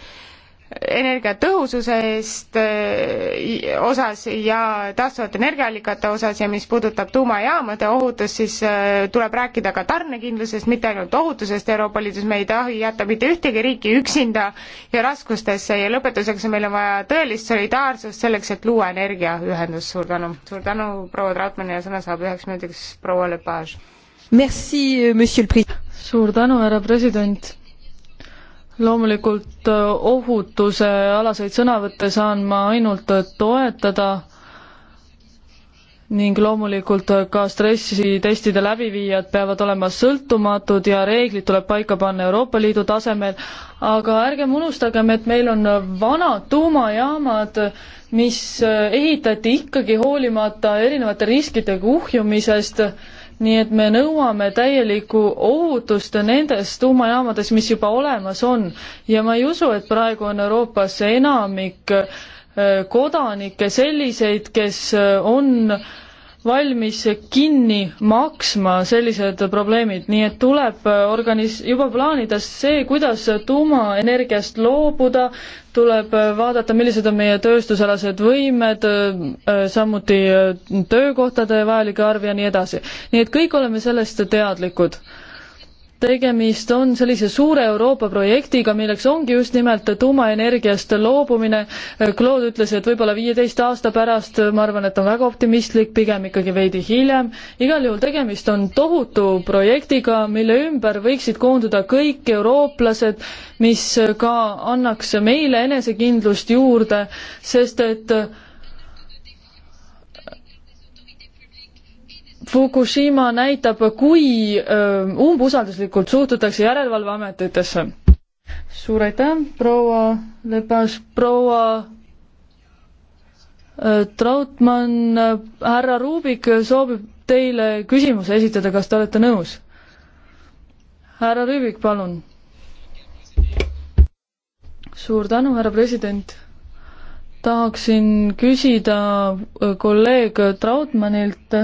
energiatõhususe eest äh, osas ja taastuvate energiaallikate osas ja mis puudutab tuumajaamade ohutust, siis äh, tuleb rääkida ka tarnekindlusest, mitte ainult ohutusest Euroopa Liidus, me ei tohi jätta mitte ühtegi riiki üksinda ja raskustesse ja lõpetuseks meil on vaja tõelist solidaarsust selleks, et luua energiaühendus, suur tänu. suur tänu, proua Trautmann ja sõna saab üheks minutiks proua Lepage. Merci, euh, monsieur le president. suur tänu, härra president loomulikult äh, ohutuse alaseid sõnavõtte saan ma ainult äh, toetada ning loomulikult äh, ka stressitestide läbiviijad peavad olema sõltumatud ja reeglid tuleb paika panna Euroopa Liidu tasemel, aga ärgem unustagem, et meil on vanad tuumajaamad, mis ehitati ikkagi hoolimata erinevate riskidega uhjumisest nii et me nõuame täielikku ohutust nendes tuumajaamades, mis juba olemas on ja ma ei usu, et praegu on Euroopas enamik äh, kodanikke selliseid, kes äh, on äh, valmis kinni maksma sellised probleemid, nii et tuleb äh, organis-, juba plaanida see, kuidas tuumaenergiast loobuda, tuleb äh, vaadata, millised on meie tööstusalased võimed, äh, samuti töökohtade vajalik arv ja nii edasi. nii et kõik oleme sellest teadlikud tegemist on sellise suure Euroopa projektiga, milleks ongi just nimelt tuumaenergiast loobumine. Claude ütles, et võib-olla viieteist aasta pärast, ma arvan, et on väga optimistlik, pigem ikkagi veidi hiljem. igal juhul tegemist on tohutu projektiga, mille ümber võiksid koonduda kõik eurooplased, mis ka annaks meile enesekindlust juurde, sest et Fukushima näitab, kui umbusalduslikult suhtutakse järelevalveametitesse. suur aitäh, proua Lepas, proua Trautmann, härra Rubik soovib teile küsimuse esitada, kas te olete nõus? härra Rubik, palun. suur tänu, härra president. tahaksin küsida kolleeg Trautmannilt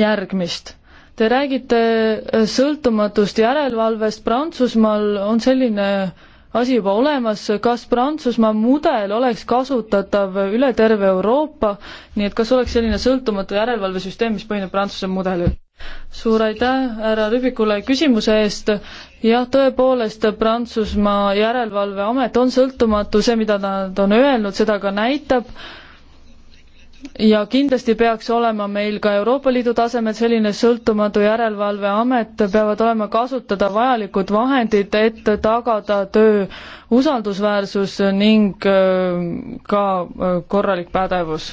järgmist. Te räägite äh, sõltumatust järelevalvest, Prantsusmaal on selline asi juba olemas, kas Prantsusmaa mudel oleks kasutatav üle terve Euroopa, nii et kas oleks selline sõltumatu järelevalvesüsteem, mis põhineb Prantsuse mudelil? suur aitäh härra Rübikule küsimuse eest. jah, tõepoolest Prantsusmaa järelevalveamet on sõltumatu, see, mida nad on öelnud, seda ka näitab ja kindlasti peaks olema meil ka Euroopa Liidu tasemel selline sõltumatu järelevalveamet, peavad olema kasutada vajalikud vahendid, et tagada töö usaldusväärsus ning äh, ka äh, korralik pädevus.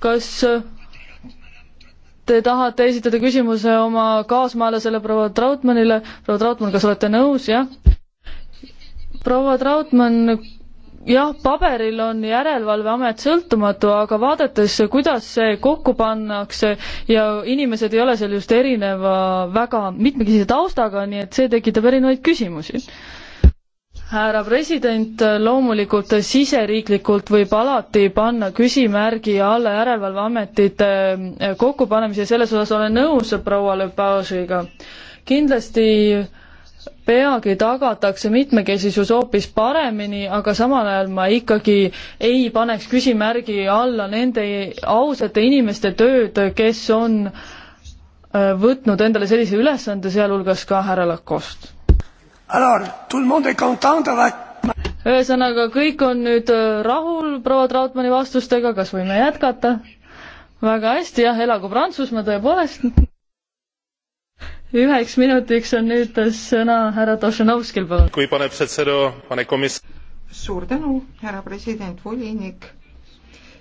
kas äh, te tahate esitada küsimuse oma kaasmaalasele proua Trautmannile, proua Trautmann, kas olete nõus, jah? proua Trautmann jah, paberil on Järelevalveamet sõltumatu, aga vaadates, kuidas see kokku pannakse ja inimesed ei ole seal just erineva, väga mitmekesise taustaga, nii et see tekitab erinevaid küsimusi. härra president, loomulikult siseriiklikult võib alati panna küsimärgi alla Järelevalveametite kokkupanemise, selles osas olen nõus proua Lepagega. kindlasti äh, peagi tagatakse mitmekesisus hoopis paremini, aga samal ajal ma ikkagi ei paneks küsimärgi alla nende ausate inimeste tööd, kes on äh, võtnud endale sellise ülesande, sealhulgas ka härra Lacoste. ühesõnaga, kõik on nüüd äh, rahul proua Trautmanni vastustega, kas võime jätkata? väga hästi, jah, elagu Prantsusmaa tõepoolest üheks minutiks on nüüd sõna härra Tošenovskil, palun. kui pane pretsedo, pane komis-. suur tänu, härra president, volinik.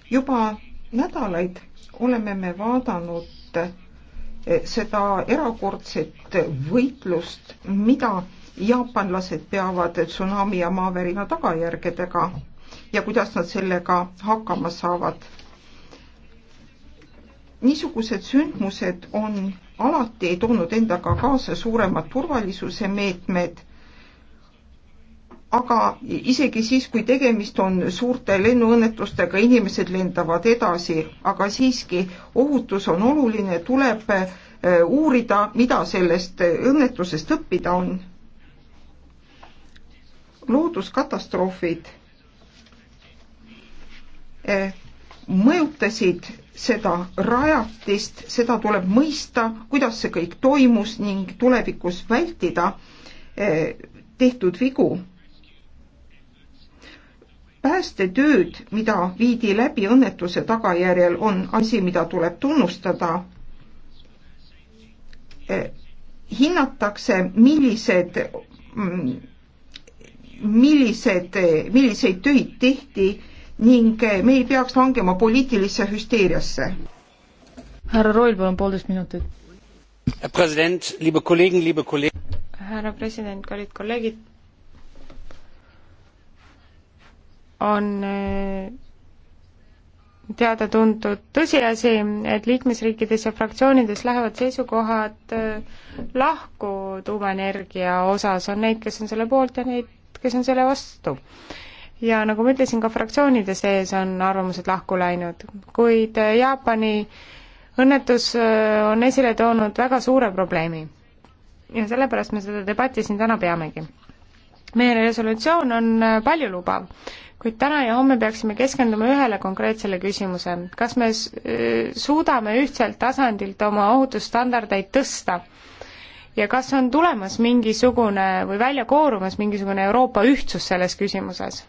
juba nädalaid oleme me vaadanud eh, seda erakordset võitlust, mida jaapanlased peavad tsunami ja maavärina tagajärgedega ja kuidas nad sellega hakkama saavad. niisugused sündmused on alati ei toonud endaga kaasa suuremad turvalisuse meetmed, aga isegi siis, kui tegemist on suurte lennuõnnetustega, inimesed lendavad edasi, aga siiski ohutus on oluline, tuleb eh, uurida, mida sellest õnnetusest õppida on. looduskatastroofid eh, mõjutasid seda rajatist, seda tuleb mõista, kuidas see kõik toimus ning tulevikus vältida eh, tehtud vigu. päästetööd, mida viidi läbi õnnetuse tagajärjel, on asi, mida tuleb tunnustada. Eh, hinnatakse, millised mm, millised, eh, milliseid töid tehti ning me ei peaks langema poliitilisse hüsteeriasse. härra Roil, palun poolteist minutit. president, liebe kolleegin, liebe kolleeg-. härra president, kallid kolleegid. on äh, teada-tuntud tõsiasi, et liikmesriikides ja fraktsioonides lähevad seisukohad äh, lahku tuumaenergia osas, on neid, kes on selle poolt ja neid, kes on selle vastu ja nagu ma ütlesin, ka fraktsioonide sees on arvamused lahku läinud, kuid äh, Jaapani õnnetus äh, on esile toonud väga suure probleemi. ja sellepärast me seda debatti siin täna peamegi. meie resolutsioon on äh, paljulubav, kuid täna ja homme peaksime keskenduma ühele konkreetsele küsimusele. kas me suudame ühtselt tasandilt oma ohutusstandardeid tõsta? ja kas on tulemas mingisugune või välja koorumas mingisugune Euroopa ühtsus selles küsimuses?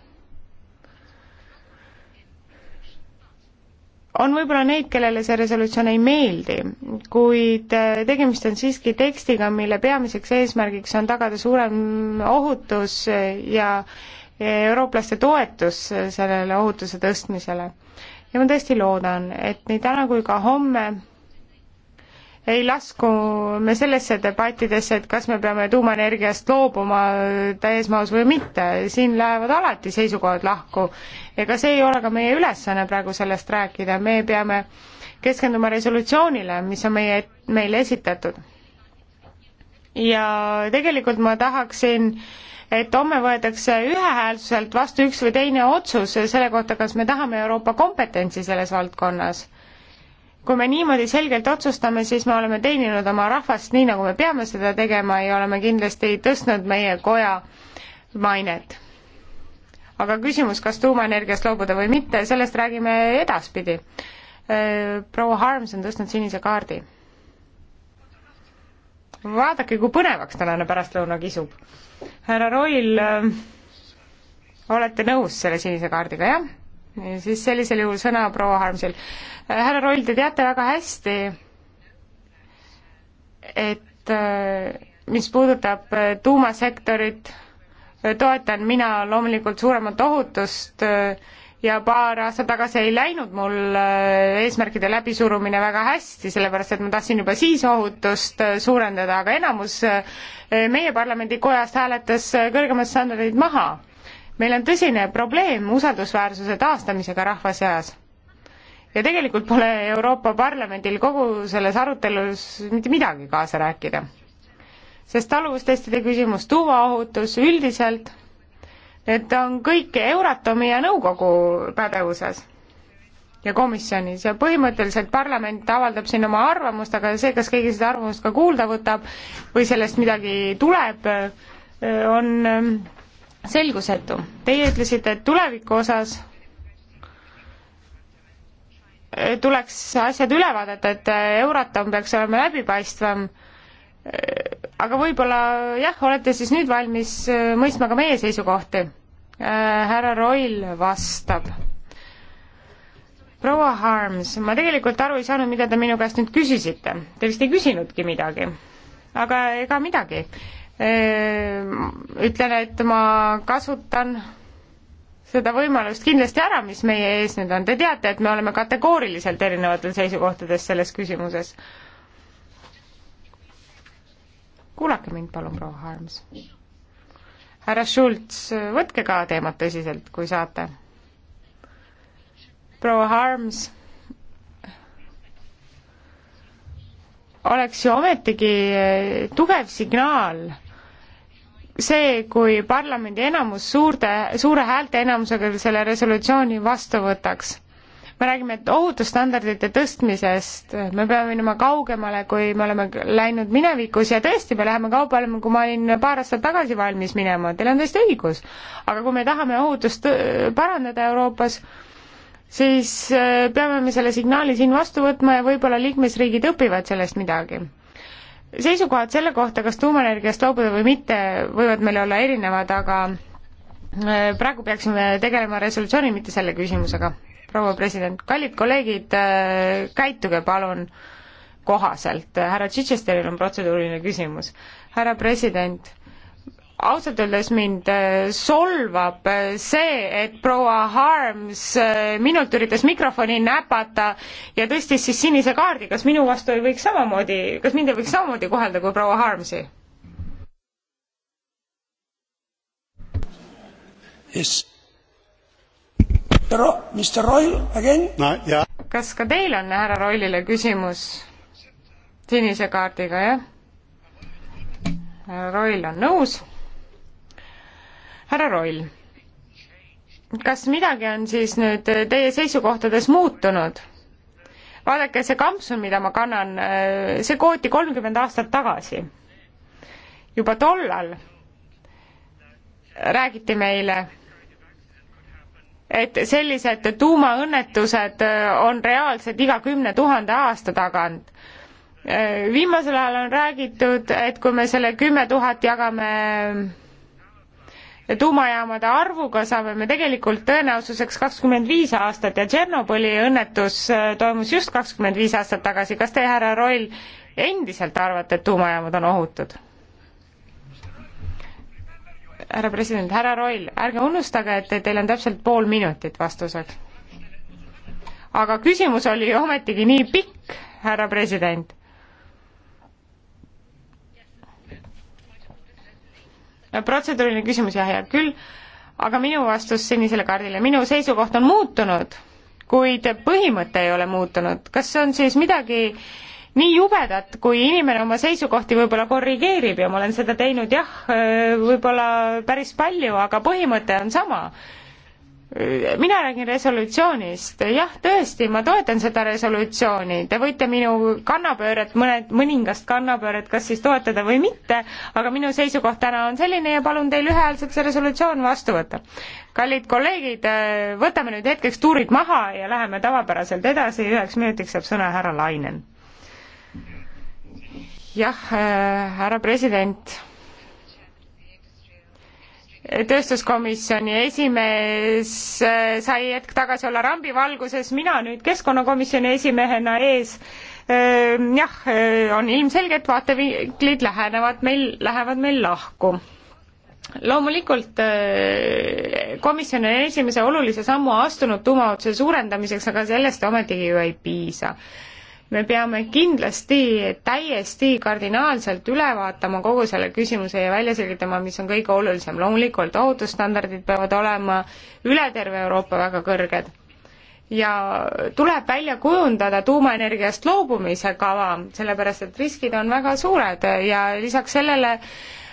on võib-olla neid, kellele see resolutsioon ei meeldi, kuid äh, tegemist on siiski tekstiga, mille peamiseks eesmärgiks on tagada suurem ohutus ja eurooplaste toetus sellele ohutuse tõstmisele. ja ma tõesti loodan, et nii täna kui ka homme ei lasku me sellesse debattidesse, et kas me peame tuumaenergiast loobuma täies mahus või mitte, siin lähevad alati seisukohad lahku. ega see ei ole ka meie ülesanne praegu sellest rääkida, me peame keskenduma resolutsioonile, mis on meie, meile esitatud ja tegelikult ma tahaksin, et homme võetakse ühehäälsuselt vastu üks või teine otsus selle kohta, kas me tahame Euroopa kompetentsi selles valdkonnas kui me niimoodi selgelt otsustame, siis me oleme teeninud oma rahvast nii, nagu me peame seda tegema ja oleme kindlasti tõstnud meie koja mainet. aga küsimus, kas tuumaenergiast loobuda või mitte, sellest räägime edaspidi. Äh, proua Harms on tõstnud sinise kaardi. vaadake, kui põnevaks tänane pärastlõuna kisub. härra Roil, äh, olete nõus selle sinise kaardiga, jah? siis sellisel juhul sõna proua Harmsil. Äh, härra Roll, te teate väga hästi, et äh, mis puudutab äh, tuumasektorit, toetan mina loomulikult suuremat ohutust ja paar aastat tagasi ei läinud mul eesmärkide läbisurumine väga hästi, sellepärast et ma tahtsin juba siis ohutust suurendada, aga enamus meie parlamendikojast hääletas kõrgemad standardid maha meil on tõsine probleem usaldusväärsuse taastamisega rahva seas. ja tegelikult pole Euroopa Parlamendil kogu selles arutelus mitte midagi kaasa rääkida. sest taluvustestide küsimus, tuumaohutus üldiselt, need on kõik Euratomi ja nõukogu pädevuses ja komisjonis ja põhimõtteliselt parlament avaldab siin oma arvamust, aga see, kas keegi seda arvamust ka kuulda võtab või sellest midagi tuleb, on selgusetu. Teie ütlesite, et tuleviku osas tuleks asjad üle vaadata, et Euratom peaks olema läbipaistvam, aga võib-olla jah, olete siis nüüd valmis mõistma ka meie seisukohti? härra Roil vastab proua Harms, ma tegelikult aru ei saanud, mida te minu käest nüüd küsisite. Te vist ei küsinudki midagi. aga ega midagi. Ehm, ütlen, et ma kasutan seda võimalust kindlasti ära, mis meie ees nüüd on. Te teate, et me oleme kategooriliselt erinevatel seisukohtades selles küsimuses. kuulake mind palun, proua Harms. härra Schultz, võtke ka teemat tõsiselt, kui saate. proua Harms, oleks ju ometigi tugev signaal see, kui parlamendi enamus suurte, suure häälteenamusega selle resolutsiooni vastu võtaks. me räägime ohutusstandardite tõstmisest, me peame minema kaugemale, kui me oleme läinud minevikus ja tõesti, me läheme kaugemale, kui ma olin paar aastat tagasi valmis minema, teil on täiesti õigus. aga kui me tahame ohutust äh, parandada Euroopas, siis äh, peame me selle signaali siin vastu võtma ja võib-olla liikmesriigid õpivad sellest midagi seisukohad selle kohta, kas tuumaenergiast loobuda või mitte, võivad meil olla erinevad, aga äh, praegu peaksime tegelema resolutsiooni, mitte selle küsimusega. proua president, kallid kolleegid, äh, käituge palun kohaselt, härra Chichesteril on protseduuriline küsimus. härra president ausalt öeldes mind äh, solvab äh, see, et proua Harms äh, minult üritas mikrofoni näpata ja tõstis siis sinise kaardi, kas minu vastu ei võiks samamoodi, kas mind ei võiks samamoodi kohelda kui proua Harmsi? Yes. Pero, Mr Royal again no,? Yeah. kas ka teil on härra Roilile küsimus sinise kaardiga, jah? Roil on nõus härra Roil, kas midagi on siis nüüd teie seisukohtades muutunud? vaadake, see kampsun, mida ma kannan, äh, see kooti kolmkümmend aastat tagasi. juba tollal räägiti meile, et sellised tuumaõnnetused äh, on reaalsed iga kümne tuhande aasta tagant. Äh, viimasel ajal on räägitud, et kui me selle kümme tuhat jagame tuumajaamade arvuga saame me tegelikult tõenäosuseks kakskümmend viis aastat ja Tšernobõli õnnetus äh, toimus just kakskümmend viis aastat tagasi. kas teie, härra Roil, endiselt arvate, et tuumajaamad on ohutud? härra president, härra Roil, ärge unustage, et teil on täpselt pool minutit vastuseks. aga küsimus oli ju ometigi nii pikk, härra president protseduuriline küsimus, jah, hea küll, aga minu vastus sinisele kaardile, minu seisukoht on muutunud, kuid põhimõte ei ole muutunud. kas see on siis midagi nii jubedat, kui inimene oma seisukohti võib-olla korrigeerib ja ma olen seda teinud jah, võib-olla päris palju, aga põhimõte on sama mina räägin resolutsioonist, jah, tõesti, ma toetan seda resolutsiooni, te võite minu kannapööret, mõned, mõningast kannapööret kas siis toetada või mitte, aga minu seisukoht täna on selline ja palun teil ühehäälselt see resolutsioon vastu võtta. kallid kolleegid, võtame nüüd hetkeks tuurid maha ja läheme tavapäraselt edasi, üheks minutiks saab sõna härra Lainen. jah äh,, härra president tööstuskomisjoni esimees äh, sai hetk tagasi olla rambivalguses, mina nüüd keskkonnakomisjoni esimehena ees. Äh, jah, äh, on ilmselge, et vaatevinklid lähenevad meil, lähevad meil lahku loomulikult komisjon on esimese olulise sammu astunud tuumaotsuse suurendamiseks, aga sellest ometigi ju ei piisa me peame kindlasti täiesti kardinaalselt üle vaatama kogu selle küsimuse ja välja selgitama, mis on kõige olulisem. loomulikult ohutusstandardid peavad olema üle terve Euroopa väga kõrged. ja tuleb välja kujundada tuumaenergiast loobumise kava, sellepärast et riskid on väga suured ja lisaks sellele äh,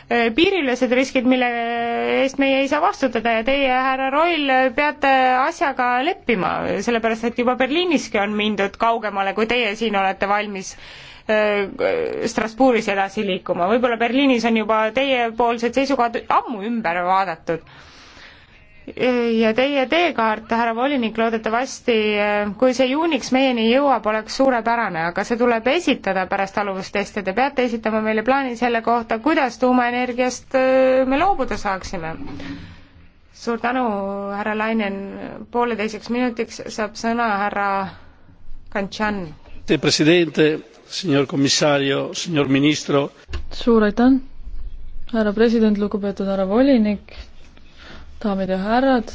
Eh, piiriülesed riskid, mille eest meie ei saa vastutada ja teie, härra Roil, peate asjaga leppima, sellepärast et juba Berliiniski on mindud kaugemale, kui teie siin olete valmis eh, Strasbourgis edasi liikuma, võib-olla Berliinis on juba teiepoolsed seisukohad ammu ümber vaadatud ja teie teekaart, härra volinik, loodetavasti, eh, kui see juuniks meieni jõuab, oleks suurepärane, aga see tuleb esitada pärast taluvusteste, te peate esitama meile plaani selle kohta, kuidas tuumaenergiast eh, me loobuda saaksime. suur tänu, härra Lainen, pooleteiseks minutiks saab sõna härra Kantšan. suur aitäh, härra president, lugupeetud härra volinik daamid ja härrad.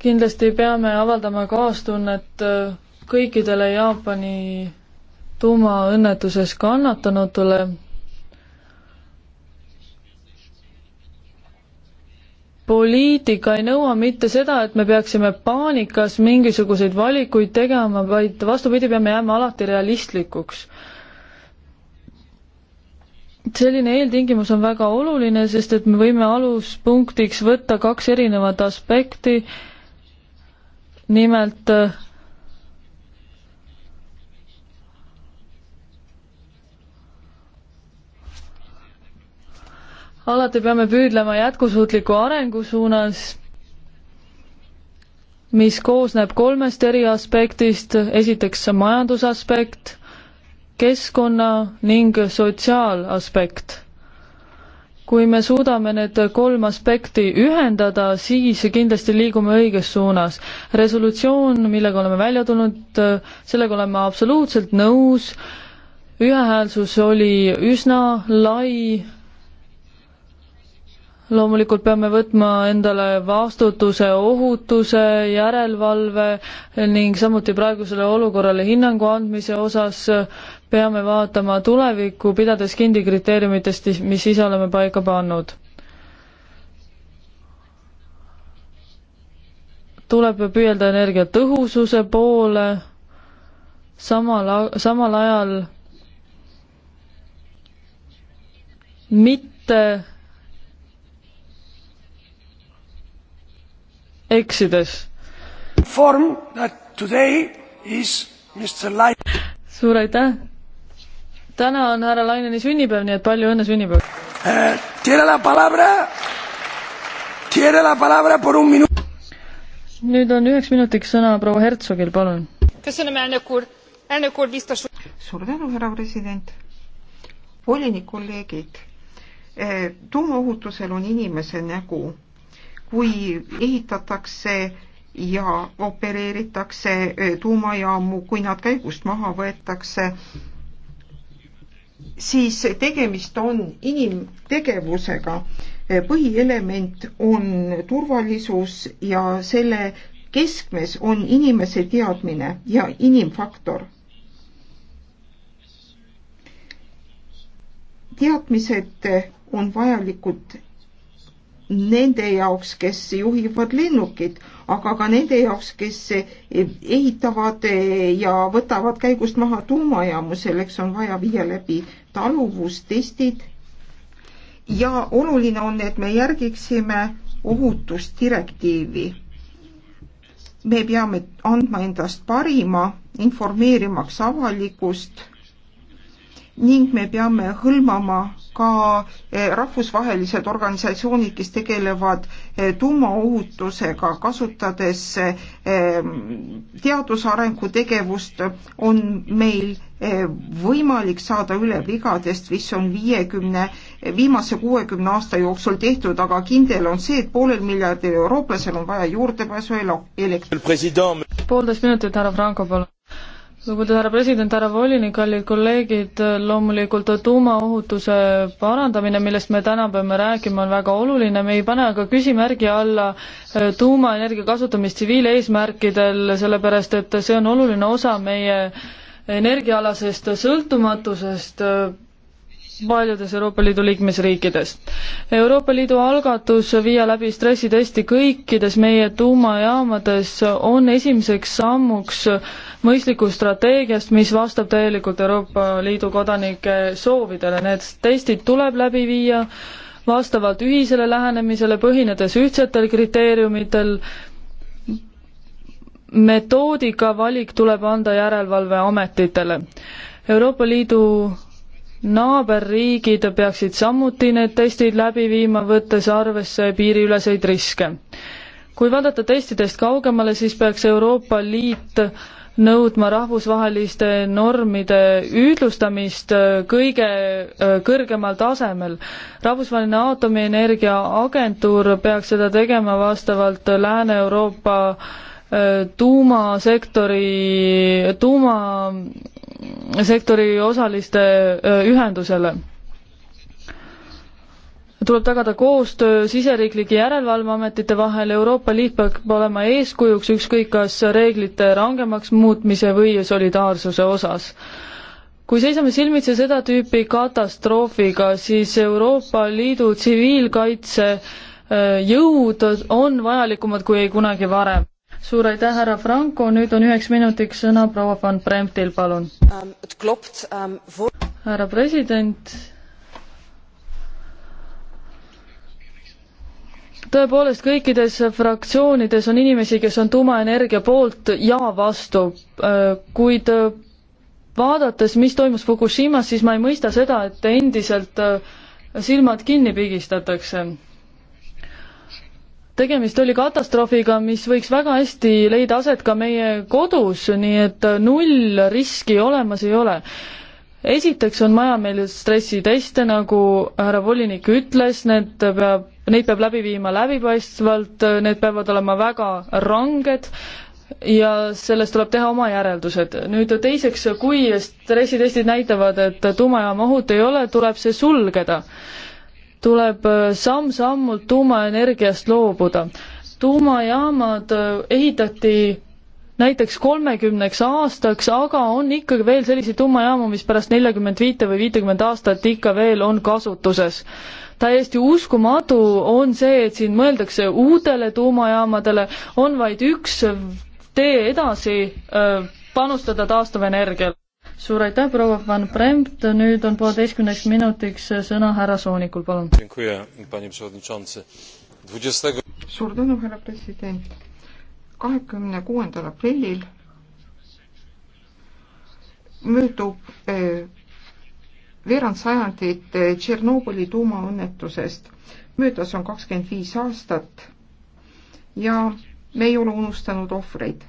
kindlasti peame avaldama kaastunnet äh, kõikidele Jaapani tuumaõnnetuses kannatanutele. poliitika ei nõua mitte seda, et me peaksime paanikas mingisuguseid valikuid tegema, vaid vastupidi, peame jääma alati realistlikuks selline eeltingimus on väga oluline, sest et me võime aluspunktiks võtta kaks erinevat aspekti, nimelt alati peame püüdlema jätkusuutliku arengu suunas, mis koosneb kolmest eri aspektist, esiteks majandusaspekt keskkonna ning sotsiaalaspekt. kui me suudame need kolm aspekti ühendada, siis kindlasti liigume õiges suunas. resolutsioon, millega oleme välja tulnud, sellega olen ma absoluutselt nõus, ühehäälsus oli üsna lai, loomulikult peame võtma endale vastutuse ohutuse, järelevalve ning samuti praegusele olukorrale hinnangu andmise osas peame vaatama tulevikku, pidades kinni kriteeriumitest, mis ise oleme paika pannud. tuleb püüelda energiatõhususe poole, samal, samal ajal mitte eksides. suur aitäh! täna on härra Laineni sünnipäev, nii et palju õnne sünnipäeval eh,! Tiene la palabra, tiene la palabra por un minu-. nüüd on üheks minutiks sõna proua Hertsogil, palun. suur tänu, härra president. volinik, kolleegid. Eh, tuumaohutusel on inimese nägu. kui ehitatakse ja opereeritakse eh, tuumajaamu, kui nad käigust maha võetakse siis tegemist on inimtegevusega. põhielement on turvalisus ja selle keskmes on inimese teadmine ja inimfaktor. teadmised on vajalikud nende jaoks, kes juhivad lennukit, aga ka nende jaoks, kes ehitavad ja võtavad käigust maha tuumajaamu, selleks on vaja viia läbi taluvustestid. ja oluline on, et me järgiksime ohutusdirektiivi. me peame andma endast parima, informeerimaks avalikkust ning me peame hõlmama ka eh, rahvusvahelised organisatsioonid, kes tegelevad eh, tuumaohutusega, kasutades eh, teadusarengu tegevust, on meil võimalik saada üle vigadest, mis on viiekümne, viimase kuuekümne aasta jooksul tehtud, aga kindel on see, et poolel miljardil eurooplasel on vaja juurdepääsu elektrile. poolteist minutit, härra Franco, palun lugupeetud härra president, härra volinik, kallid kolleegid, loomulikult tuumaohutuse parandamine, millest me täna peame rääkima, on väga oluline, me ei pane aga küsimärgi alla eh, tuumaenergia kasutamist tsiviileesmärkidel, sellepärast et see on oluline osa meie energiaalasest sõltumatusest eh, paljudes Euroopa Liidu liikmesriikides. Euroopa Liidu algatus viia läbi stressitesti kõikides meie tuumajaamades on esimeseks sammuks mõistlikust strateegiast, mis vastab täielikult Euroopa Liidu kodanike soovidele, need testid tuleb läbi viia vastavalt ühisele lähenemisele, põhinedes ühtsetel kriteeriumitel, metoodika valik tuleb anda järelevalveametitele. Euroopa Liidu naaberriigid peaksid samuti need testid läbi viima, võttes arvesse piiriüleseid riske. kui vaadata testidest kaugemale, siis peaks Euroopa Liit nõudma rahvusvaheliste normide ühtlustamist kõige äh, kõrgemal tasemel. rahvusvaheline aatomienergia agentuur peaks seda tegema vastavalt Lääne-Euroopa äh, tuumasektori, tuumasektori osaliste äh, ühendusele tuleb tagada koostöö siseriiklike järelevalveametite vahel, Euroopa Liit peab olema eeskujuks ükskõik kas reeglite rangemaks muutmise või solidaarsuse osas. kui seisame silmitsi seda tüüpi katastroofiga, siis Euroopa Liidu tsiviilkaitse äh, jõud on vajalikumad kui kunagi varem. suur aitäh, härra Franco, nüüd on üheks minutiks sõna proua von Bremtil, palun. Ähm, ähm, härra president tõepoolest, kõikides fraktsioonides on inimesi, kes on tuumaenergia poolt ja vastu, äh, kuid äh, vaadates, mis toimus Fukushimas, siis ma ei mõista seda, et endiselt äh, silmad kinni pigistatakse. tegemist oli katastroofiga, mis võiks väga hästi leida aset ka meie kodus, nii et null riski olemas ei ole esiteks on vaja meil stressiteste, nagu härra volinik ütles, need peab neid peab läbi viima läbipaistvalt, need peavad olema väga ranged ja sellest tuleb teha oma järeldused. nüüd teiseks, kui stressitestid näitavad, et tuumajaama ohut ei ole, tuleb see sulgeda. tuleb samm-sammult tuumaenergiast loobuda. tuumajaamad ehitati näiteks kolmekümneks aastaks, aga on ikkagi veel selliseid tuumajaamu, mis pärast neljakümmet viite või viitekümmet aastat ikka veel on kasutuses täiesti uskumatu on see, et siin mõeldakse uutele tuumajaamadele, on vaid üks tee edasi panustada taastuvenergiale. suur aitäh, proua Van Brempt, nüüd on pooleteistkümneks minutiks sõna härra Soonikul, palun. suur tänu, härra president. kahekümne kuuendal aprillil möödub veerand sajandit eh, Tšernobõli tuumaõnnetusest. möödas on kakskümmend viis aastat ja me ei ole unustanud ohvreid.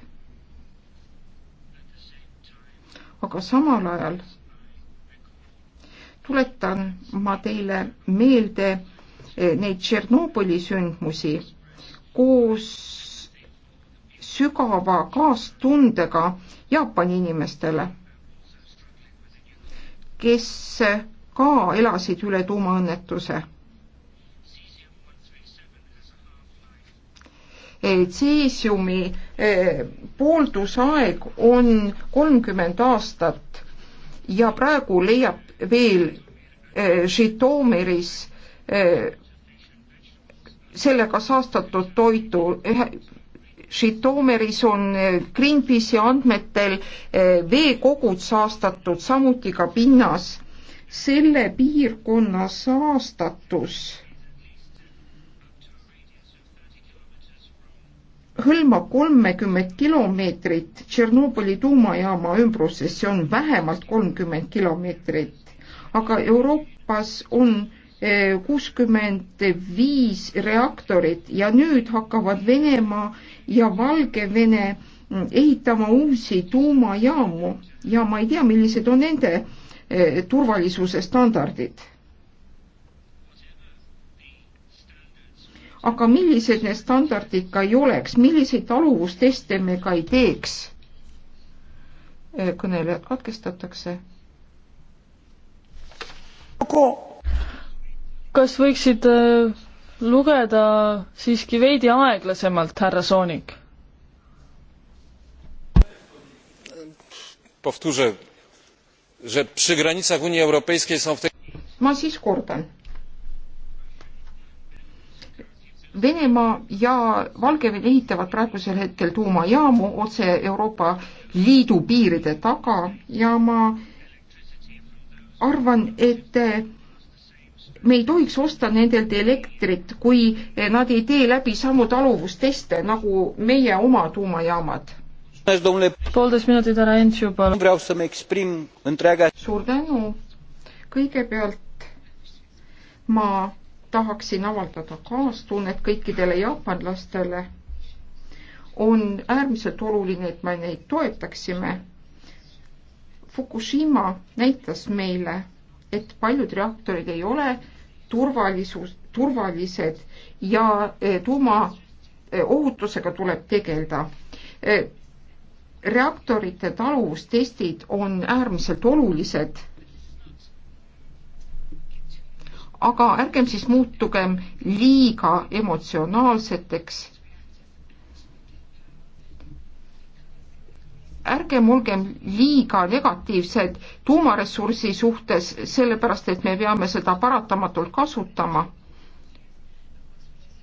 aga samal ajal tuletan ma teile meelde eh, neid Tšernobõli sündmusi koos sügava kaastundega Jaapani inimestele kes ka elasid üle tuumaõnnetuse. tseesiumi eh, pooldusaeg on kolmkümmend aastat ja praegu leiab veel eh, Žitomiris eh, sellega saastatud toitu Žitomeris on eh, Greenpeace'i andmetel eh, veekogud saastatud, samuti ka pinnas. selle piirkonna saastatus hõlmab kolmekümmet kilomeetrit Tšernobõli tuumajaama ümbruses, see on vähemalt kolmkümmend kilomeetrit, aga Euroopas on kuuskümmend viis reaktorit ja nüüd hakkavad Venemaa ja Valgevene ehitama uusi tuumajaamu ja ma ei tea, millised on nende eh, turvalisuse standardid. aga millised need standardid ka ei oleks, milliseid taluvusteste me ka ei teeks? Eh, kõnele katkestatakse kas võiksid äh, lugeda siiski veidi aeglasemalt, härra Soonik? powtórzę że przy granicach unii europejskiej są w tej ma siis kordan Venemaa ja Valgevene ehitavad praegusel hetkel tuumajaamu otse Euroopa Liidu piiride taga ja ma arvan, et me ei tohiks osta nendelt elektrit, kui eh, nad ei tee läbi samu taluvusteste nagu meie oma tuumajaamad. poolteist minutit, härra Entšu, palun. suur tänu. kõigepealt ma tahaksin avaldada kaastunnet kõikidele jaapanlastele. on äärmiselt oluline, et me neid toetaksime. Fukushima näitas meile et paljud reaktorid ei ole turvalisus, turvalised ja eh, tuumaohutusega eh, tuleb tegeleda. Eh, reaktorite taluvustestid on äärmiselt olulised. aga ärgem siis muutugem liiga emotsionaalseteks ärgem olgem liiga negatiivsed tuumaressursi suhtes, sellepärast et me peame seda paratamatult kasutama.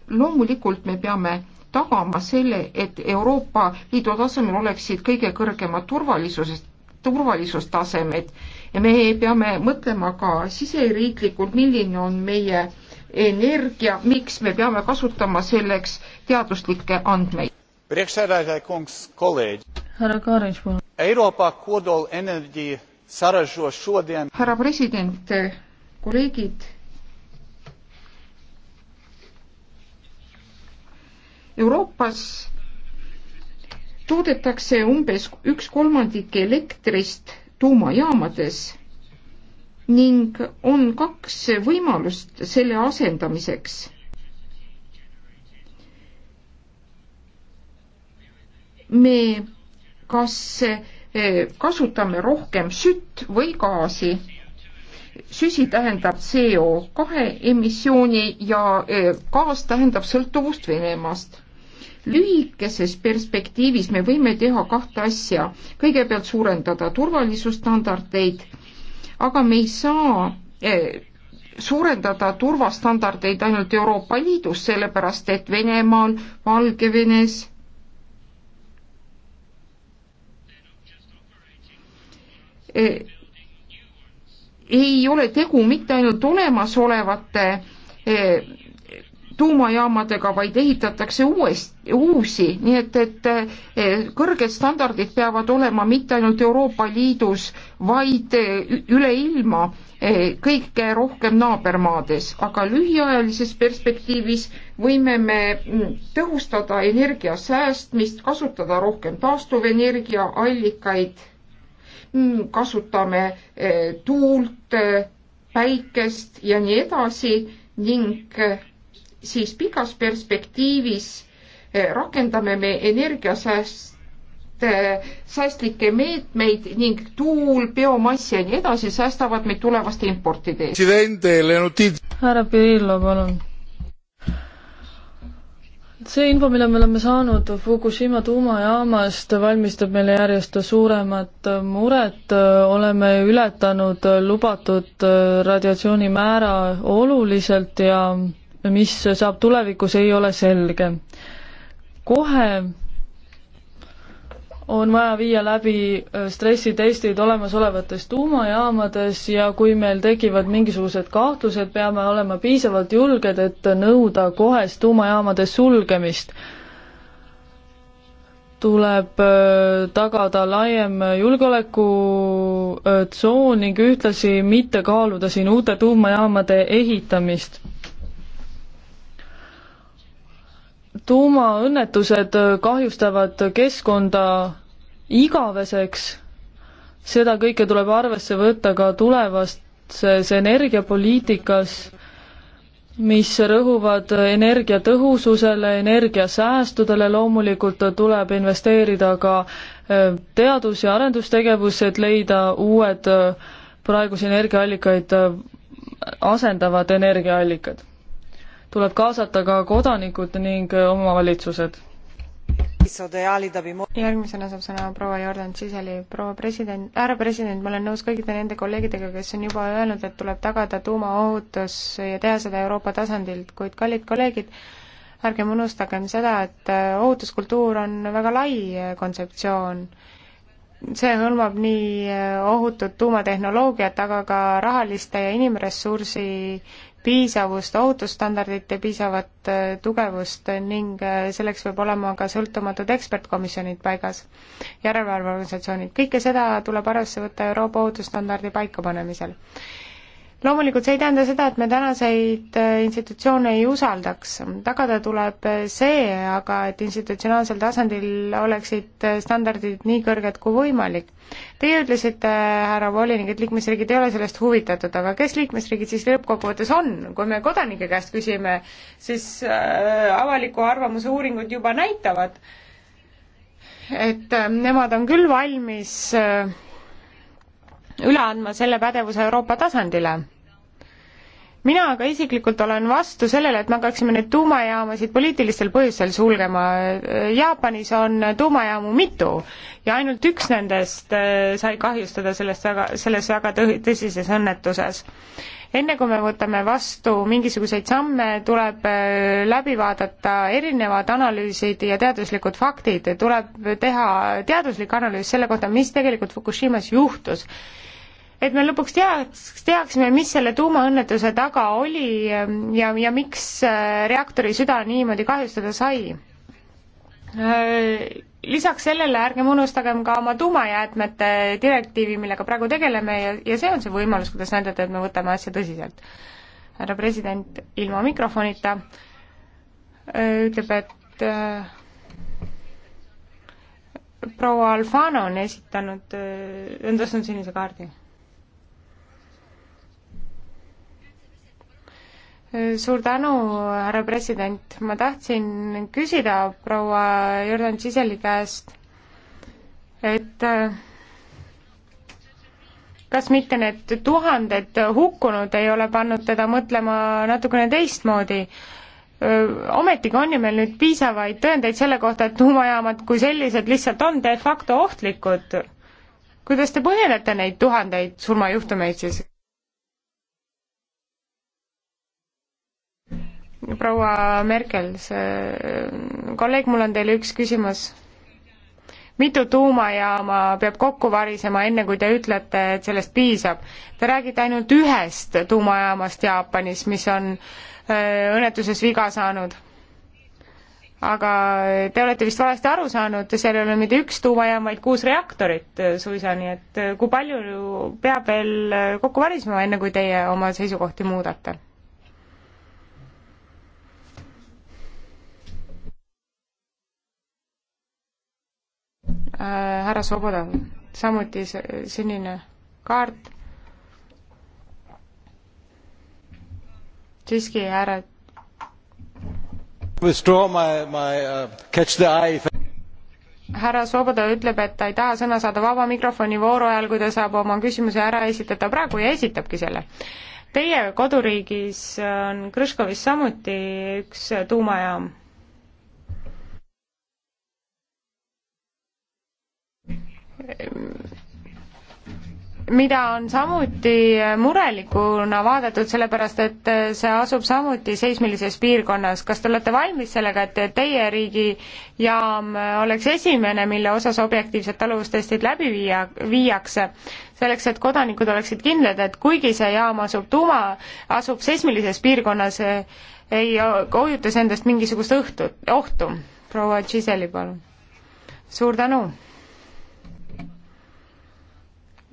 loomulikult me peame tagama selle, et Euroopa Liidu tasemel oleksid kõige kõrgemad turvalisusest, turvalisustasemed ja me peame mõtlema ka siseriiklikult, milline on meie energia, miks me peame kasutama selleks teaduslikke andmeid härra Kaarens, palun. Euroopa koodolenergia saražo šodien. härra president, kolleegid. Euroopas toodetakse umbes üks kolmandik elektrist tuumajaamades ning on kaks võimalust selle asendamiseks. me kas eh, kasutame rohkem sütt või gaasi. süsi tähendab CO kahe emissiooni ja eh, gaas tähendab sõltuvust Venemaast lühikeses perspektiivis me võime teha kahte asja. kõigepealt suurendada turvalisusstandardeid, aga me ei saa eh, suurendada turvastandardeid ainult Euroopa Liidus, sellepärast et Venemaal, Valgevenes Äh, ei ole tegu mitte ainult olemasolevate äh, tuumajaamadega, vaid ehitatakse uuest, uusi, nii et, et äh, kõrged standardid peavad olema mitte ainult Euroopa Liidus, vaid üle ilma kõike rohkem naabermaades, aga lühiajalises perspektiivis võime me mm, tõhustada energia säästmist, kasutada rohkem taastuvenergiaallikaid Mm, kasutame eh, tuult, eh, päikest ja nii edasi ning eh, siis pikas perspektiivis rakendame me energiasääst, säästlikke meetmeid ning tuul, biomass ja nii edasi säästavad meid tulevaste importide eest. härra Pirillo, palun see info, mille me oleme saanud Fukushima tuumajaamast, valmistab meile järjest suuremat muret, oleme ületanud lubatud radiatsiooni määra oluliselt ja mis saab tulevikus, ei ole selge. kohe on vaja viia läbi äh, stressitestid olemasolevates tuumajaamades ja kui meil tekivad mingisugused kahtlused, peame olema piisavalt julged, et nõuda kohest tuumajaamade sulgemist. tuleb äh, tagada laiem julgeolekutsoon äh, ning ühtlasi mitte kaaluda siin uute tuumajaamade ehitamist tuumaõnnetused kahjustavad keskkonda igaveseks, seda kõike tuleb arvesse võtta ka tulevases energiapoliitikas, mis rõhuvad energiatõhususele, energiasäästudele, loomulikult tuleb investeerida ka äh, teadus- ja arendustegevusse, et leida uued äh, praegusi energiaallikaid äh, asendavad energiaallikad tuleb kaasata ka kodanikud ning äh, omavalitsused. järgmisena saab sõna proua Jordan Siseli, proua president, härra president, ma olen nõus kõikide nende kolleegidega, kes on juba öelnud, et tuleb tagada tuumaohutus ja teha seda Euroopa tasandilt, kuid kallid kolleegid, ärgem unustagem seda, et äh, ohutuskultuur on väga lai äh, kontseptsioon see hõlmab nii ohutut tuumatehnoloogiat, aga ka rahaliste ja inimressursi piisavust, ohutusstandardite piisavat äh, tugevust ning äh, selleks peab olema ka sõltumatud ekspertkomisjonid paigas, järelevalveorganisatsioonid, kõike seda tuleb arvesse võtta Euroopa ohutusstandardi paikapanemisel loomulikult see ei tähenda seda, et me tänaseid äh, institutsioone ei usaldaks, tagada tuleb äh, see aga, et institutsionaalsel tasandil oleksid äh, standardid nii kõrged kui võimalik. Teie ütlesite, härra volinik, et liikmesriigid ei ole sellest huvitatud, aga kes liikmesriigid siis lõppkokkuvõttes on? kui me kodanike käest küsime, siis avaliku arvamuse uuringud juba näitavad, et nemad on küll valmis üle andma selle pädevuse Euroopa tasandile mina aga isiklikult olen vastu sellele, et me hakkaksime neid tuumajaamasid poliitilistel põhjustel sulgema. Jaapanis on tuumajaamu mitu ja ainult üks nendest äh, sai kahjustada sellest väga, selles väga tõ-, tõsises õnnetuses. enne kui me võtame vastu mingisuguseid samme, tuleb äh, läbi vaadata erinevad analüüsid ja teaduslikud faktid, tuleb teha teaduslik analüüs selle kohta, mis tegelikult Fukushimas juhtus et me lõpuks teaks, teaksime, mis selle tuumaõnnetuse taga oli ehm, ja, ja miks äh, reaktori süda niimoodi kahjustada sai. Äh, lisaks sellele ärgem unustagem ka oma tuumajäätmete direktiivi, millega praegu tegeleme ja, ja see on see võimalus, kuidas näidata, et me võtame asja tõsiselt. härra president ilma mikrofonita äh, ütleb, et äh, proua Alfano on esitanud, on tõstnud sinise kaardi suur tänu, härra president, ma tahtsin küsida proua Jordan Siseli käest, et äh, kas mitte need tuhanded hukkunud ei ole pannud teda mõtlema natukene teistmoodi? Äh, ometigi on ju meil nüüd piisavaid tõendeid selle kohta, et tuumajaamad kui sellised lihtsalt on de facto ohtlikud. kuidas te põhjendate neid tuhandeid surmajuhtumeid siis? proua Merkel, see kolleeg, mul on teile üks küsimus. mitu tuumajaama peab kokku varisema, enne kui te ütlete, et sellest piisab? Te räägite ainult ühest tuumajaamast Jaapanis, mis on õnnetuses viga saanud. aga te olete vist valesti aru saanud, seal ei ole mitte üks tuumajaam, vaid kuus reaktorit suisa, nii et kui palju peab veel kokku varisema, enne kui teie oma seisukohti muudate? Äh, härra Soboda, samuti sinine kaart. siiski, härra. Uh, härra Soboda ütleb, et ta ei taha sõna saada vaba mikrofoni vooru ajal, kui ta saab oma küsimuse ära esitada praegu ja esitabki selle. Teie koduriigis on Krõškovis samuti üks tuumajaam mida on samuti murelikuna vaadatud, sellepärast et see asub samuti seismilises piirkonnas. kas te olete valmis sellega, et teie riigi jaam oleks esimene, mille osas objektiivsed taluvustestid läbi viia, viiakse? selleks, et kodanikud oleksid kindlad, et kuigi see jaam asub tuuma, asub seismilises piirkonnas, ei hoiuta see endast mingisugust õhtut, ohtu. proua Giseli, palun. suur tänu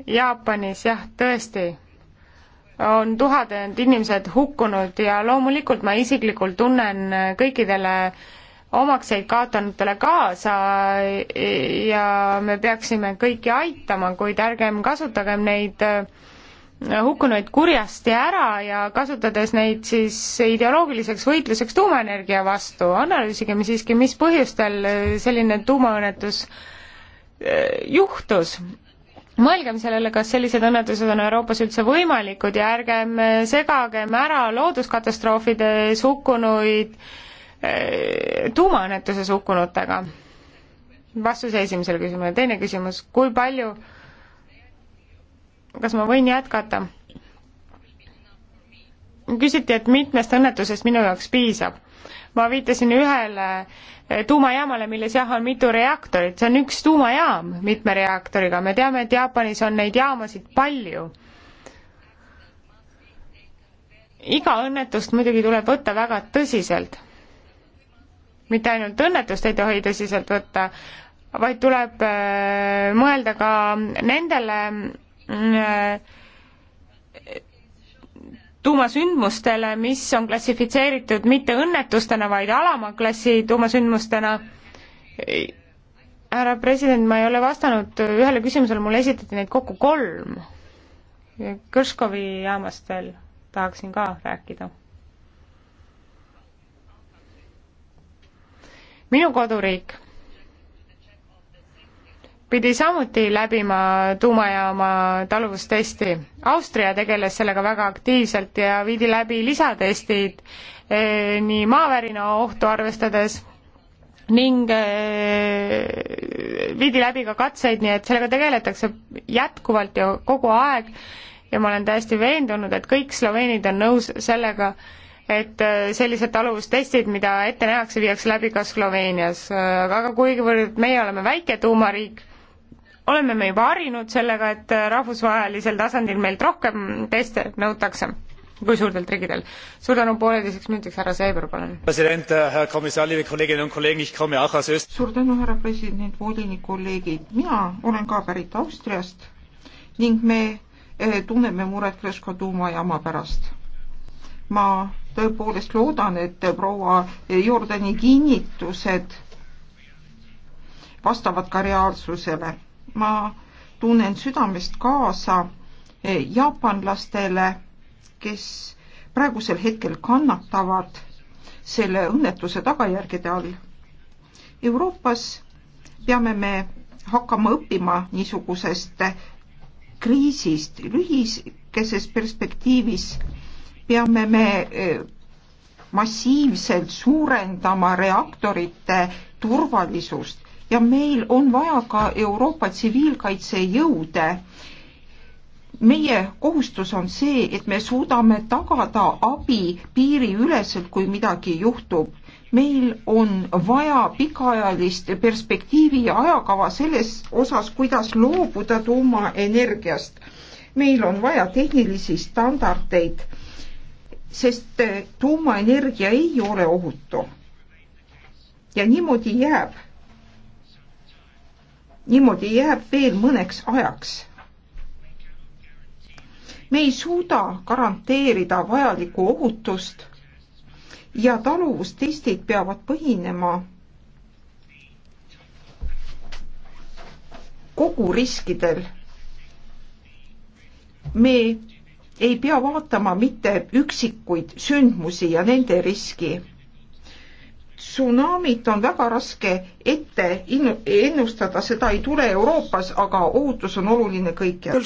Jaapanis jah, tõesti, on tuhanded inimesed hukkunud ja loomulikult ma isiklikult tunnen kõikidele omakseid kaotanutele kaasa ja me peaksime kõiki aitama, kuid ärgem kasutagem neid äh, hukkunuid kurjasti ära ja kasutades neid siis ideoloogiliseks võitluseks tuumaenergia vastu, analüüsigem siiski, mis põhjustel selline tuumaõnnetus äh, juhtus mõelgem sellele, kas sellised õnnetused on Euroopas üldse võimalikud ja ärgem äh, segagem ära looduskatastroofides hukkunuid äh, tuumaõnnetuses hukkunutega. vastus esimesele küsimusele, teine küsimus, kui palju, kas ma võin jätkata? küsiti, et mitmest õnnetusest minu jaoks piisab. ma viitasin ühele tuumajaamale, milles jah, on mitu reaktorit, see on üks tuumajaam mitme reaktoriga, me teame, et Jaapanis on neid jaamasid palju. iga õnnetust muidugi tuleb võtta väga tõsiselt. mitte ainult õnnetust ei tohi tõsiselt võtta, vaid tuleb äh, mõelda ka nendele äh, tuumasündmustele, mis on klassifitseeritud mitte õnnetustena, vaid alama klassi tuumasündmustena. härra president, ma ei ole vastanud ühele küsimusele, mulle esitati neid kokku kolm. Kõrškovi jaamast veel tahaksin ka rääkida. minu koduriik pidi samuti läbima tuumajaama taluvustesti. Austria tegeles sellega väga aktiivselt ja viidi läbi lisatestid eh, nii maavärina ohtu arvestades ning eh, viidi läbi ka katseid, nii et sellega tegeletakse jätkuvalt ja kogu aeg ja ma olen täiesti veendunud, et kõik sloveenid on nõus sellega, et eh, sellised taluvustestid, mida ette nähakse, viiakse läbi ka Sloveenias, aga kuigivõrd meie oleme väike tuumariik, oleme me juba harjunud sellega, et rahvusvahelisel tasandil meilt rohkem teste nõutakse kui suurtelt riigidel. suur tänu pooleteiseks minutiks, härra Seeber, palun. Äh, suur tänu, härra president, volinik, kolleegid. mina olen ka pärit Austriast ning me äh, tunneme muret Kresko tuumajaama pärast. ma tõepoolest loodan, et proua Jordani kinnitused vastavad ka reaalsusele ma tunnen südamest kaasa eh, jaapanlastele, kes praegusel hetkel kannatavad selle õnnetuse tagajärgede all. Euroopas peame me hakkama õppima niisugusest kriisist, lühikeses perspektiivis peame me eh, massiivselt suurendama reaktorite turvalisust ja meil on vaja ka Euroopa tsiviilkaitsejõude. meie kohustus on see, et me suudame tagada abi piiriüleselt, kui midagi juhtub meil on vaja pikaajalist perspektiivi ja ajakava selles osas, kuidas loobuda tuumaenergiast. meil on vaja tehnilisi standardeid, sest tuumaenergia ei ole ohutu. ja niimoodi jääb niimoodi jääb veel mõneks ajaks. me ei suuda garanteerida vajalikku ohutust ja taluvustestid peavad põhinema kogu riskidel. me ei pea vaatama mitte üksikuid sündmusi ja nende riski tsunamit on väga raske ette ennustada, seda ei tule Euroopas, aga ohutus on oluline kõikjal.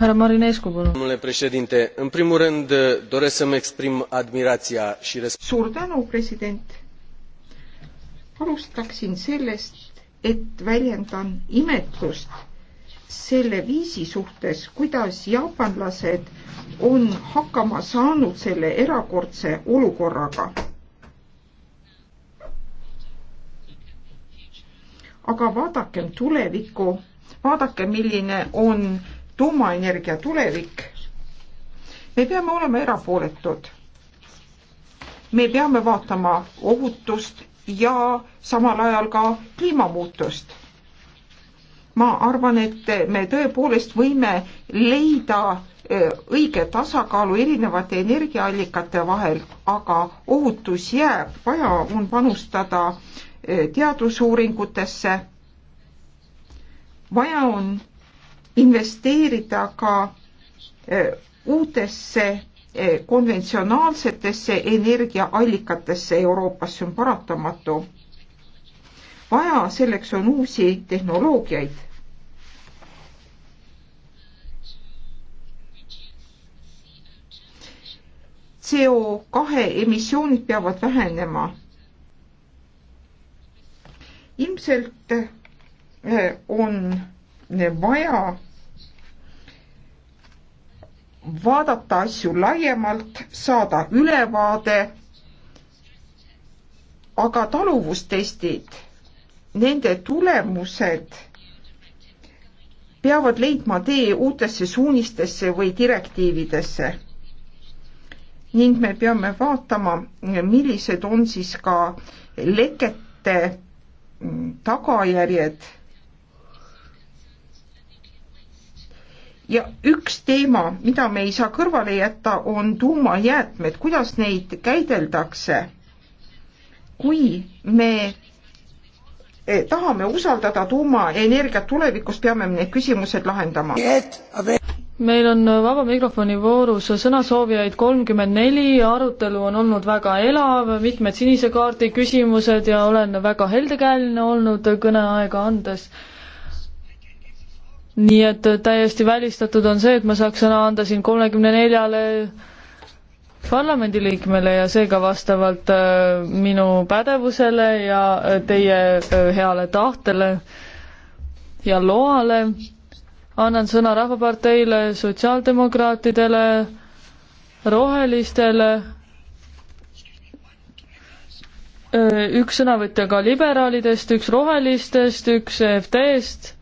härra Marinescu, palun. domnule președinte, în primul rând eh, doresc să-mi exprim admirația și respect-. suur tänu, president. alustaksin sellest, et väljendan imetlust selle viisi suhtes, kuidas jaapanlased on hakkama saanud selle erakordse olukorraga. aga vaadakem tulevikku, vaadake, milline on tuumaenergia tulevik. me peame olema erapooletud. me peame vaatama ohutust ja samal ajal ka kliimamuutust ma arvan, et me tõepoolest võime leida e, õige tasakaalu erinevate energiaallikate vahel, aga ohutus jääb, vaja on panustada e, teadusuuringutesse, vaja on investeerida ka e, uutesse konventsionaalsetesse energiaallikatesse Euroopas, see on paratamatu vaja, selleks on uusi tehnoloogiaid. CO kahe emissioonid peavad vähenema. ilmselt eh, on vaja vaadata asju laiemalt, saada ülevaade, aga taluvustestid nende tulemused peavad leidma tee uutesse suunistesse või direktiividesse. ning me peame vaatama, millised on siis ka lekete tagajärjed. ja üks teema, mida me ei saa kõrvale jätta, on tuumajäätmed, kuidas neid käideldakse. kui me Eh, tahame usaldada tuumaenergiat tulevikus, peame need küsimused lahendama. meil on vaba mikrofoni voorus sõnasoovijaid kolmkümmend neli, arutelu on olnud väga elav, mitmed sinise kaardi küsimused ja olen väga heldekäeline olnud kõneaega andes. nii et täiesti välistatud on see, et ma saaks sõna anda siin kolmekümne neljale 34 parlamendiliikmele ja seega vastavalt äh, minu pädevusele ja äh, teie äh, heale tahtele ja loale annan sõna Rahvaparteile, sotsiaaldemokraatidele, rohelistele, üks sõnavõtja ka liberaalidest, üks rohelistest, üks EFT-st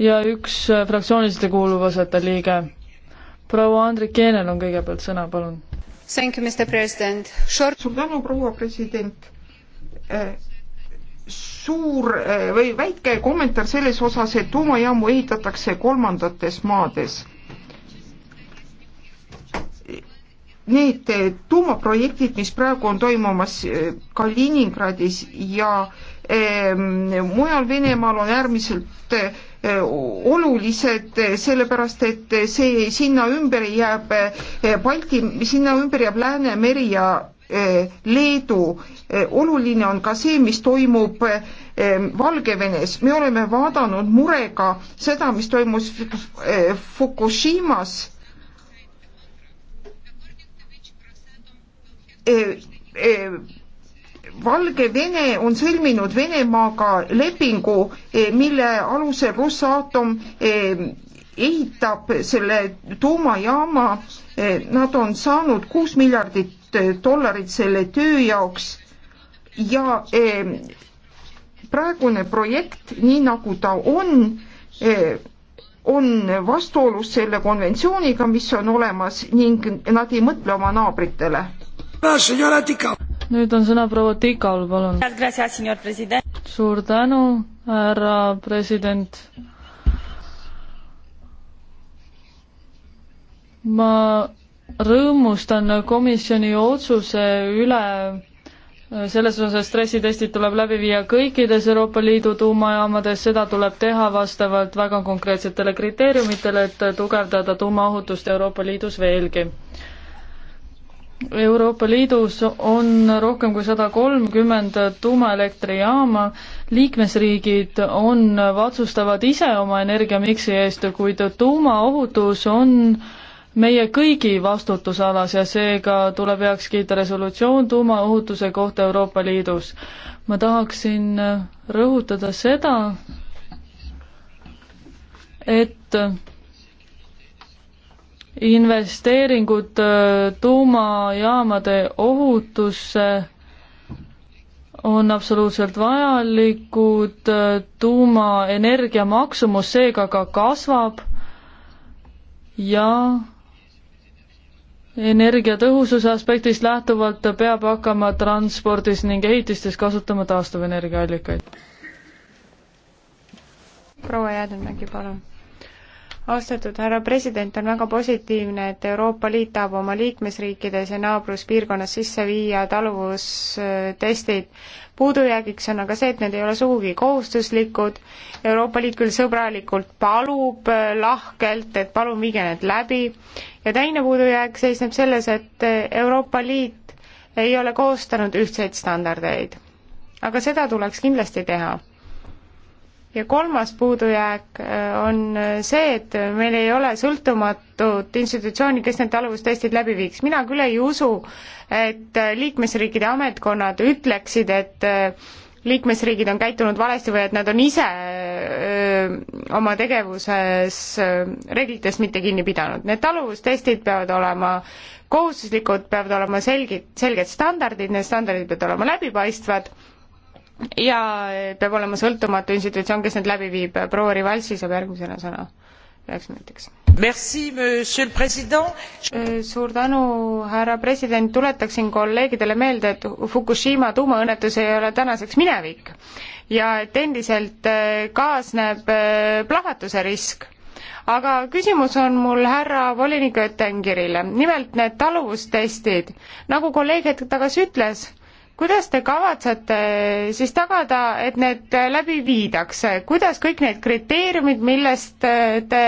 ja üks fraktsiooniliste kuuluvasete liige proua Andrikeenel on kõigepealt sõna, palun. suur tänu, proua president äh, suur äh, või väike kommentaar selles osas, et tuumajaamu ehitatakse kolmandates maades. Need äh, tuumaprojektid, mis praegu on toimumas Kaliningradis ja ähm, mujal Venemaal on äärmiselt olulised, e, sellepärast et see, sinna ümber jääb e, Balti, sinna ümber jääb Läänemeri ja e, Leedu, oluline on ka see, mis toimub Valgevenes, me oleme vaadanud murega seda, mis toimus Fukushimas. Valgevene on sõlminud Venemaaga lepingu, eh, mille alusel Rosatom eh, ehitab selle tuumajaama. Eh, nad on saanud kuus miljardit dollarit selle töö jaoks ja praegune projekt, nii nagu ta on, on vastuolus selle konventsiooniga, mis on olemas ning nad ei mõtle oma naabritele nüüd on sõna proua Tikal, palun. suur tänu, härra president. ma rõõmustan komisjoni otsuse üle selles osas stressitestid tuleb läbi viia kõikides Euroopa Liidu tuumajaamades, seda tuleb teha vastavalt väga konkreetsetele kriteeriumitele, et tugevdada tuumaohutust Euroopa Liidus veelgi. Euroopa Liidus on rohkem kui sada kolmkümmend tuumaelektrijaama, liikmesriigid on, otsustavad ise oma energiamiksi eest, kuid tuumaohutus on meie kõigi vastutusalas ja seega tuleb heaks kiita resolutsioon tuumaohutuse kohta Euroopa Liidus. ma tahaksin rõhutada seda, et investeeringud äh, tuumajaamade ohutusse on absoluutselt vajalikud, äh, tuumaenergia maksumus seega ka kasvab ja energiatõhususe aspektist lähtuvalt peab hakkama transpordis ning ehitistes kasutama taastuvenergiaallikaid. proua Jäädenmägi, palun austatud härra president, on väga positiivne, et Euroopa Liit tahab oma liikmesriikides ja naabruspiirkonnas sisse viia taluvustestid. puudujäägiks on aga see, et need ei ole sugugi kohustuslikud, Euroopa Liit küll sõbralikult palub lahkelt, et palun viige need läbi, ja teine puudujääk seisneb selles, et Euroopa Liit ei ole koostanud ühtseid standardeid. aga seda tuleks kindlasti teha ja kolmas puudujääk äh, on äh, see, et meil ei ole sõltumatut institutsiooni, kes need taluvustestid läbi viiks. mina küll ei usu, et äh, liikmesriikide ametkonnad ütleksid, et liikmesriigid on käitunud valesti või et nad on ise öö, oma tegevuses reeglitest mitte kinni pidanud. Need taluvustestid peavad olema kohustuslikud, peavad olema selgid, selged standardid, need standardid peavad olema läbipaistvad ja peab olema sõltumatu institutsioon, kes need läbi viib. proua Rivalsi saab järgmisena sõna üheks minutiks. suur tänu, härra president, tuletaksin kolleegidele meelde, et Fukushima tuumaõnnetus ei ole tänaseks minevik ja et endiselt eh, kaasneb eh, plahvatuse risk aga küsimus on mul härra volinik Öttengirile. nimelt need taluvustestid, nagu kolleeg hetk tagasi ütles, kuidas te kavatsete siis tagada, et need läbi viidakse, kuidas kõik need kriteeriumid, millest äh, te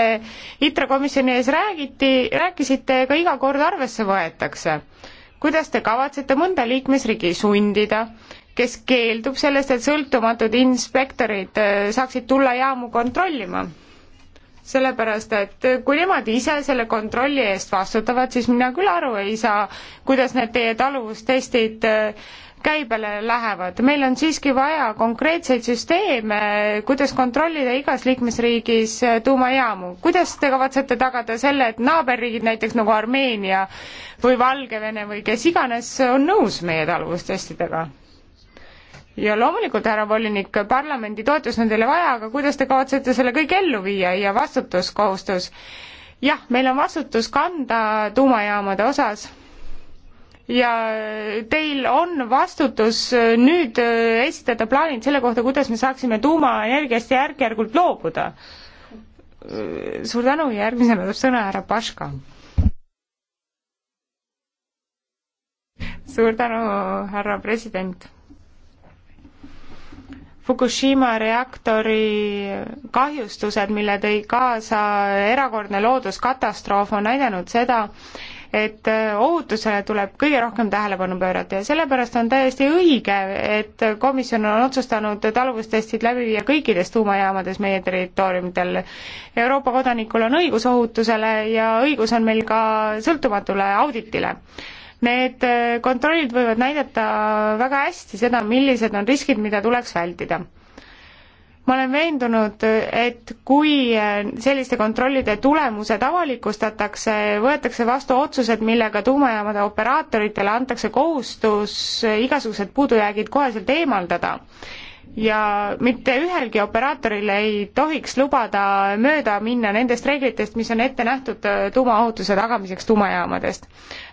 ITRA komisjoni ees räägiti, rääkisite, ka iga kord arvesse võetakse? kuidas te kavatsete mõnda liikmesriigi sundida, kes keeldub sellest, et sõltumatud inspektorid äh, saaksid tulla jaamu kontrollima? sellepärast, et kui nemad ise selle kontrolli eest vastutavad, siis mina küll aru ei saa, kuidas need teie taluvustestid äh, käibele lähevad. meil on siiski vaja konkreetseid süsteeme, kuidas kontrollida igas liikmesriigis äh, tuumajaamu. kuidas te kavatsete tagada selle, et naaberriigid, näiteks nagu Armeenia või Valgevene või kes iganes, on nõus meie taluvustestidega? ja loomulikult, härra volinik, parlamendi toetus on teile vaja, aga kuidas te kavatsete selle kõik ellu viia ja vastutuskohustus? jah, meil on vastutus kanda tuumajaamade osas ja teil on vastutus nüüd äh, esitada plaanid selle kohta, kuidas me saaksime tuumaenergiast järk-järgult loobuda. suur tänu ja järgmisena tuleb sõna härra Paška. suur tänu, härra president. Fukushima reaktori kahjustused, mille tõi kaasa erakordne looduskatastroof, on näidanud seda, et äh, ohutusele tuleb kõige rohkem tähelepanu pöörata ja sellepärast on täiesti õige, et komisjon on otsustanud taluvustestid läbi viia kõikides tuumajaamades meie territooriumidel. Euroopa kodanikul on õigus ohutusele ja õigus on meil ka sõltumatule auditile need äh, kontrollid võivad näidata väga hästi seda, millised on riskid, mida tuleks vältida ma olen veendunud, et kui selliste kontrollide tulemused avalikustatakse, võetakse vastu otsused, millega tuumajaamade operaatoritele antakse kohustus igasugused puudujäägid koheselt eemaldada ja mitte ühelgi operaatoril ei tohiks lubada mööda minna nendest reeglitest, mis on ette nähtud äh, tuumaohutuse tagamiseks tuumajaamadest.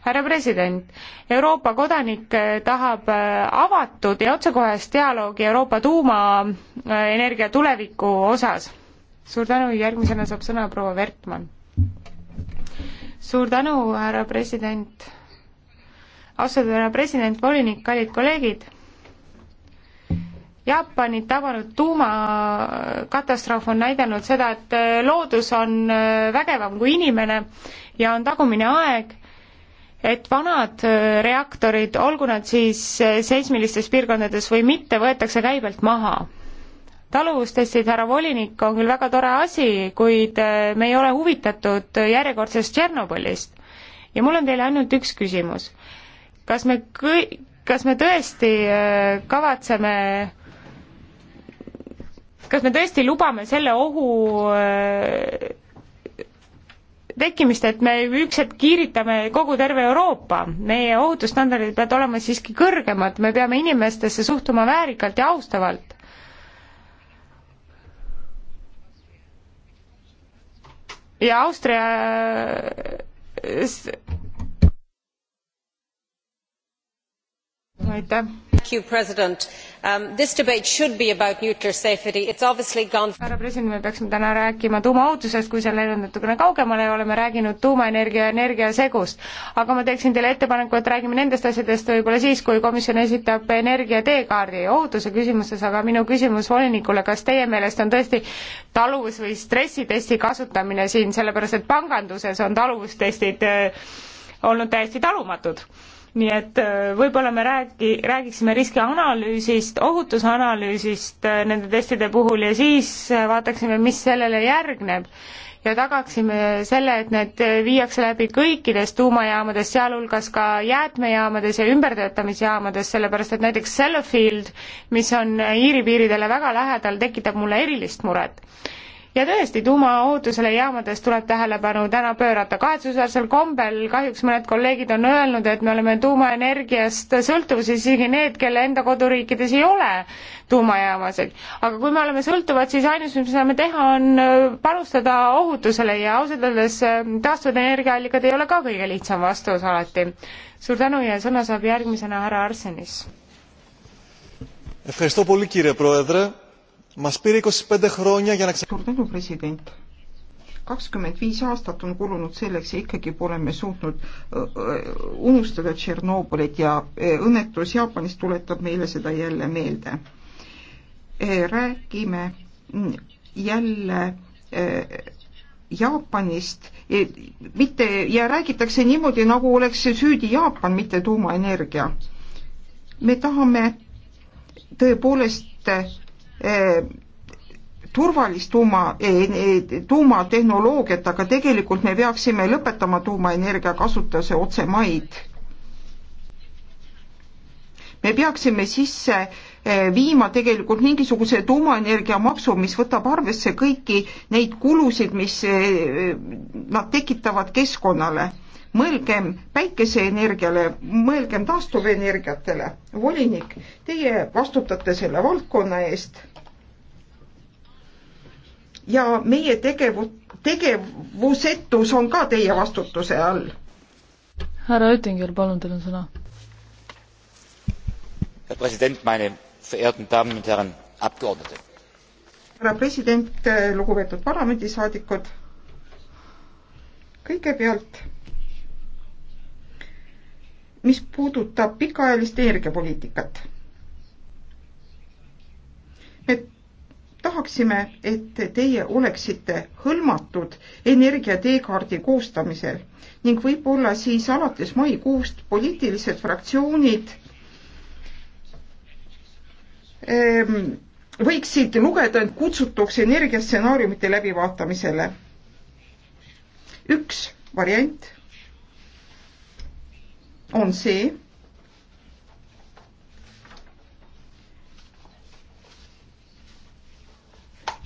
härra president, Euroopa kodanik äh, tahab äh, avatud ja otsekohest dialoogi Euroopa tuumaenergia tuleviku osas. suur tänu, järgmisena saab sõna proua Vertmann. suur tänu, härra president. austatud härra president, volinik, kallid kolleegid Jaapanit tabanud tuumakatastroof on näidanud seda, et äh, loodus on äh, vägevam kui inimene ja on tagumine aeg, et vanad äh, reaktorid, olgu nad siis seismilistes piirkondades või mitte, võetakse käibelt maha. taluvustestid, härra volinik, on küll väga tore asi, kuid me ei ole huvitatud järjekordsest Tšernobõlist. ja mul on teile ainult üks küsimus. kas me kõi-, kas me tõesti kavatseme kas me tõesti lubame selle ohu äh, tekkimist, et me üks hetk kiiritame kogu terve Euroopa, meie ohutusstandardid peavad olema siiski kõrgemad, me peame inimestesse suhtuma väärikalt ja austavalt. ja Austria äh, aitäh. Um, härra president, me peaksime täna rääkima tuumaohutusest, kui see on läinud natukene kaugemale ja oleme rääkinud tuumaenergia ja energiasegust. aga ma teeksin teile ettepaneku, et räägime nendest asjadest võib-olla siis, kui komisjon esitab energia teekaardi ohutuse küsimuses, aga minu küsimus volinikule, kas teie meelest on tõesti taluvus- või stressitesti kasutamine siin, sellepärast et panganduses on taluvustestid äh, olnud täiesti talumatud nii et äh, võib-olla me räägi, räägiksime riskianalüüsist, ohutusanalüüsist äh, nende testide puhul ja siis äh, vaataksime, mis sellele järgneb ja tagaksime selle, et need viiakse läbi kõikides tuumajaamades, sealhulgas ka jäätmejaamades ja ümbertöötamisjaamades, sellepärast et näiteks Sellafield, mis on Iiri piiridele väga lähedal, tekitab mulle erilist muret ja tõesti, tuumaohutusele jaamades tuleb tähelepanu täna pöörata. kahetsusväärsel kombel kahjuks mõned kolleegid on öelnud, et me oleme tuumaenergiast sõltuvuses, isegi need, kelle enda koduriikides ei ole tuumajaamasid. aga kui me oleme sõltuvad, siis ainus, mis me saame teha, on äh, panustada ohutusele ja ausalt öeldes äh, taastuvad energiaallikad ei ole ka kõige lihtsam vastus alati. suur tänu ja sõna saab järgmisena härra Arsenis. Ευχαριστώ πολύ κύριε Πρόεδρε. Μας πήρε 25 χρόνια για να ξα... Suur tänu, president. kakskümmend viis aastat on kulunud selleks ja ikkagi pole me suutnud unustada Tšernobõlit ja e, õnnetus Jaapanis tuletab meile seda jälle meelde. E, räägime jälle e, Jaapanist, mitte ja räägitakse niimoodi, nagu oleks süüdi Jaapan, mitte tuumaenergia. me tahame tõepoolest Eh, turvalist tuuma, eh, eh, tuumatehnoloogiat, aga tegelikult me peaksime lõpetama tuumaenergia kasutuse otse maid. me peaksime sisse viima tegelikult mingisuguse tuumaenergia maksu, mis võtab arvesse kõiki neid kulusid, mis nad tekitavad keskkonnale. mõelgem päikeseenergiale, mõelgem taastuvenergiatele. volinik, teie vastutate selle valdkonna eest ja meie tegevu-, tegevusetus on ka teie vastutuse all. härra Oettinger, palun, teil on sõna. härra president, meine verehrten damen und herren abgeordnete. härra president, lugupeetud parlamendisaadikud, kõigepealt mis puudutab pikaajalist energiapoliitikat tahaksime, et teie oleksite hõlmatud energia teekaardi koostamisel ning võib-olla siis alates maikuust poliitilised fraktsioonid ähm, võiksid lugeda end kutsutuks energiastsenaariumite läbivaatamisele. üks variant on see,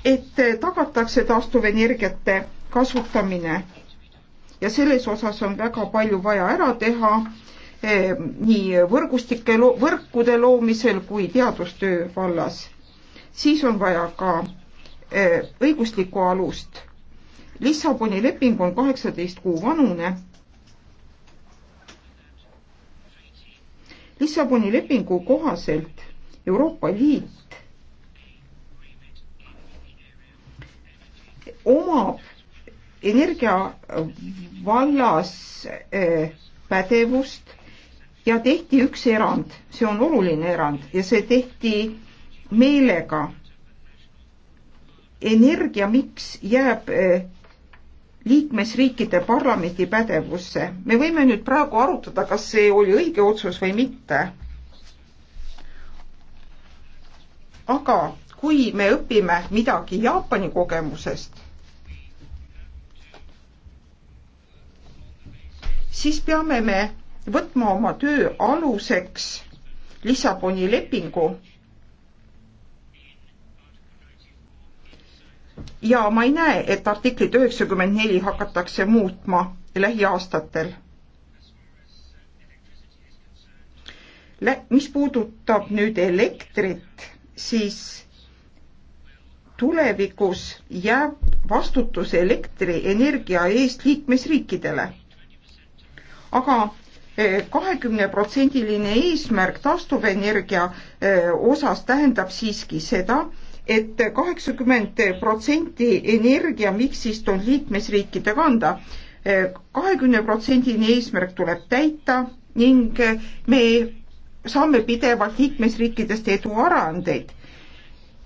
et tagatakse taastuvenergiate kasutamine ja selles osas on väga palju vaja ära teha eh, nii võrgustike, võrkude loomisel kui teadustöö vallas. siis on vaja ka eh, õiguslikku alust. Lissaboni leping on kaheksateist kuu vanune. Lissaboni lepingu kohaselt Euroopa Liit omab energia vallas eh, pädevust ja tehti üks erand, see on oluline erand ja see tehti meelega. energiamiks jääb eh, liikmesriikide parlamendi pädevusse. me võime nüüd praegu arutada, kas see oli õige otsus või mitte. aga kui me õpime midagi Jaapani kogemusest siis peame me võtma oma töö aluseks Lissaboni lepingu. ja ma ei näe, et artiklit üheksakümmend neli hakatakse muutma lähiaastatel Lä-, mis puudutab nüüd elektrit, siis tulevikus jääb vastutus elektrienergia eest liikmesriikidele aga e, kahekümneprotsendiline eesmärk taastuvenergia e, osas tähendab siiski seda, et kaheksakümmend protsenti energiamiksist on liikmesriikide kanda. E, kahekümneprotsendine eesmärk tuleb täita ning me saame pidevalt liikmesriikidest eduarandeid.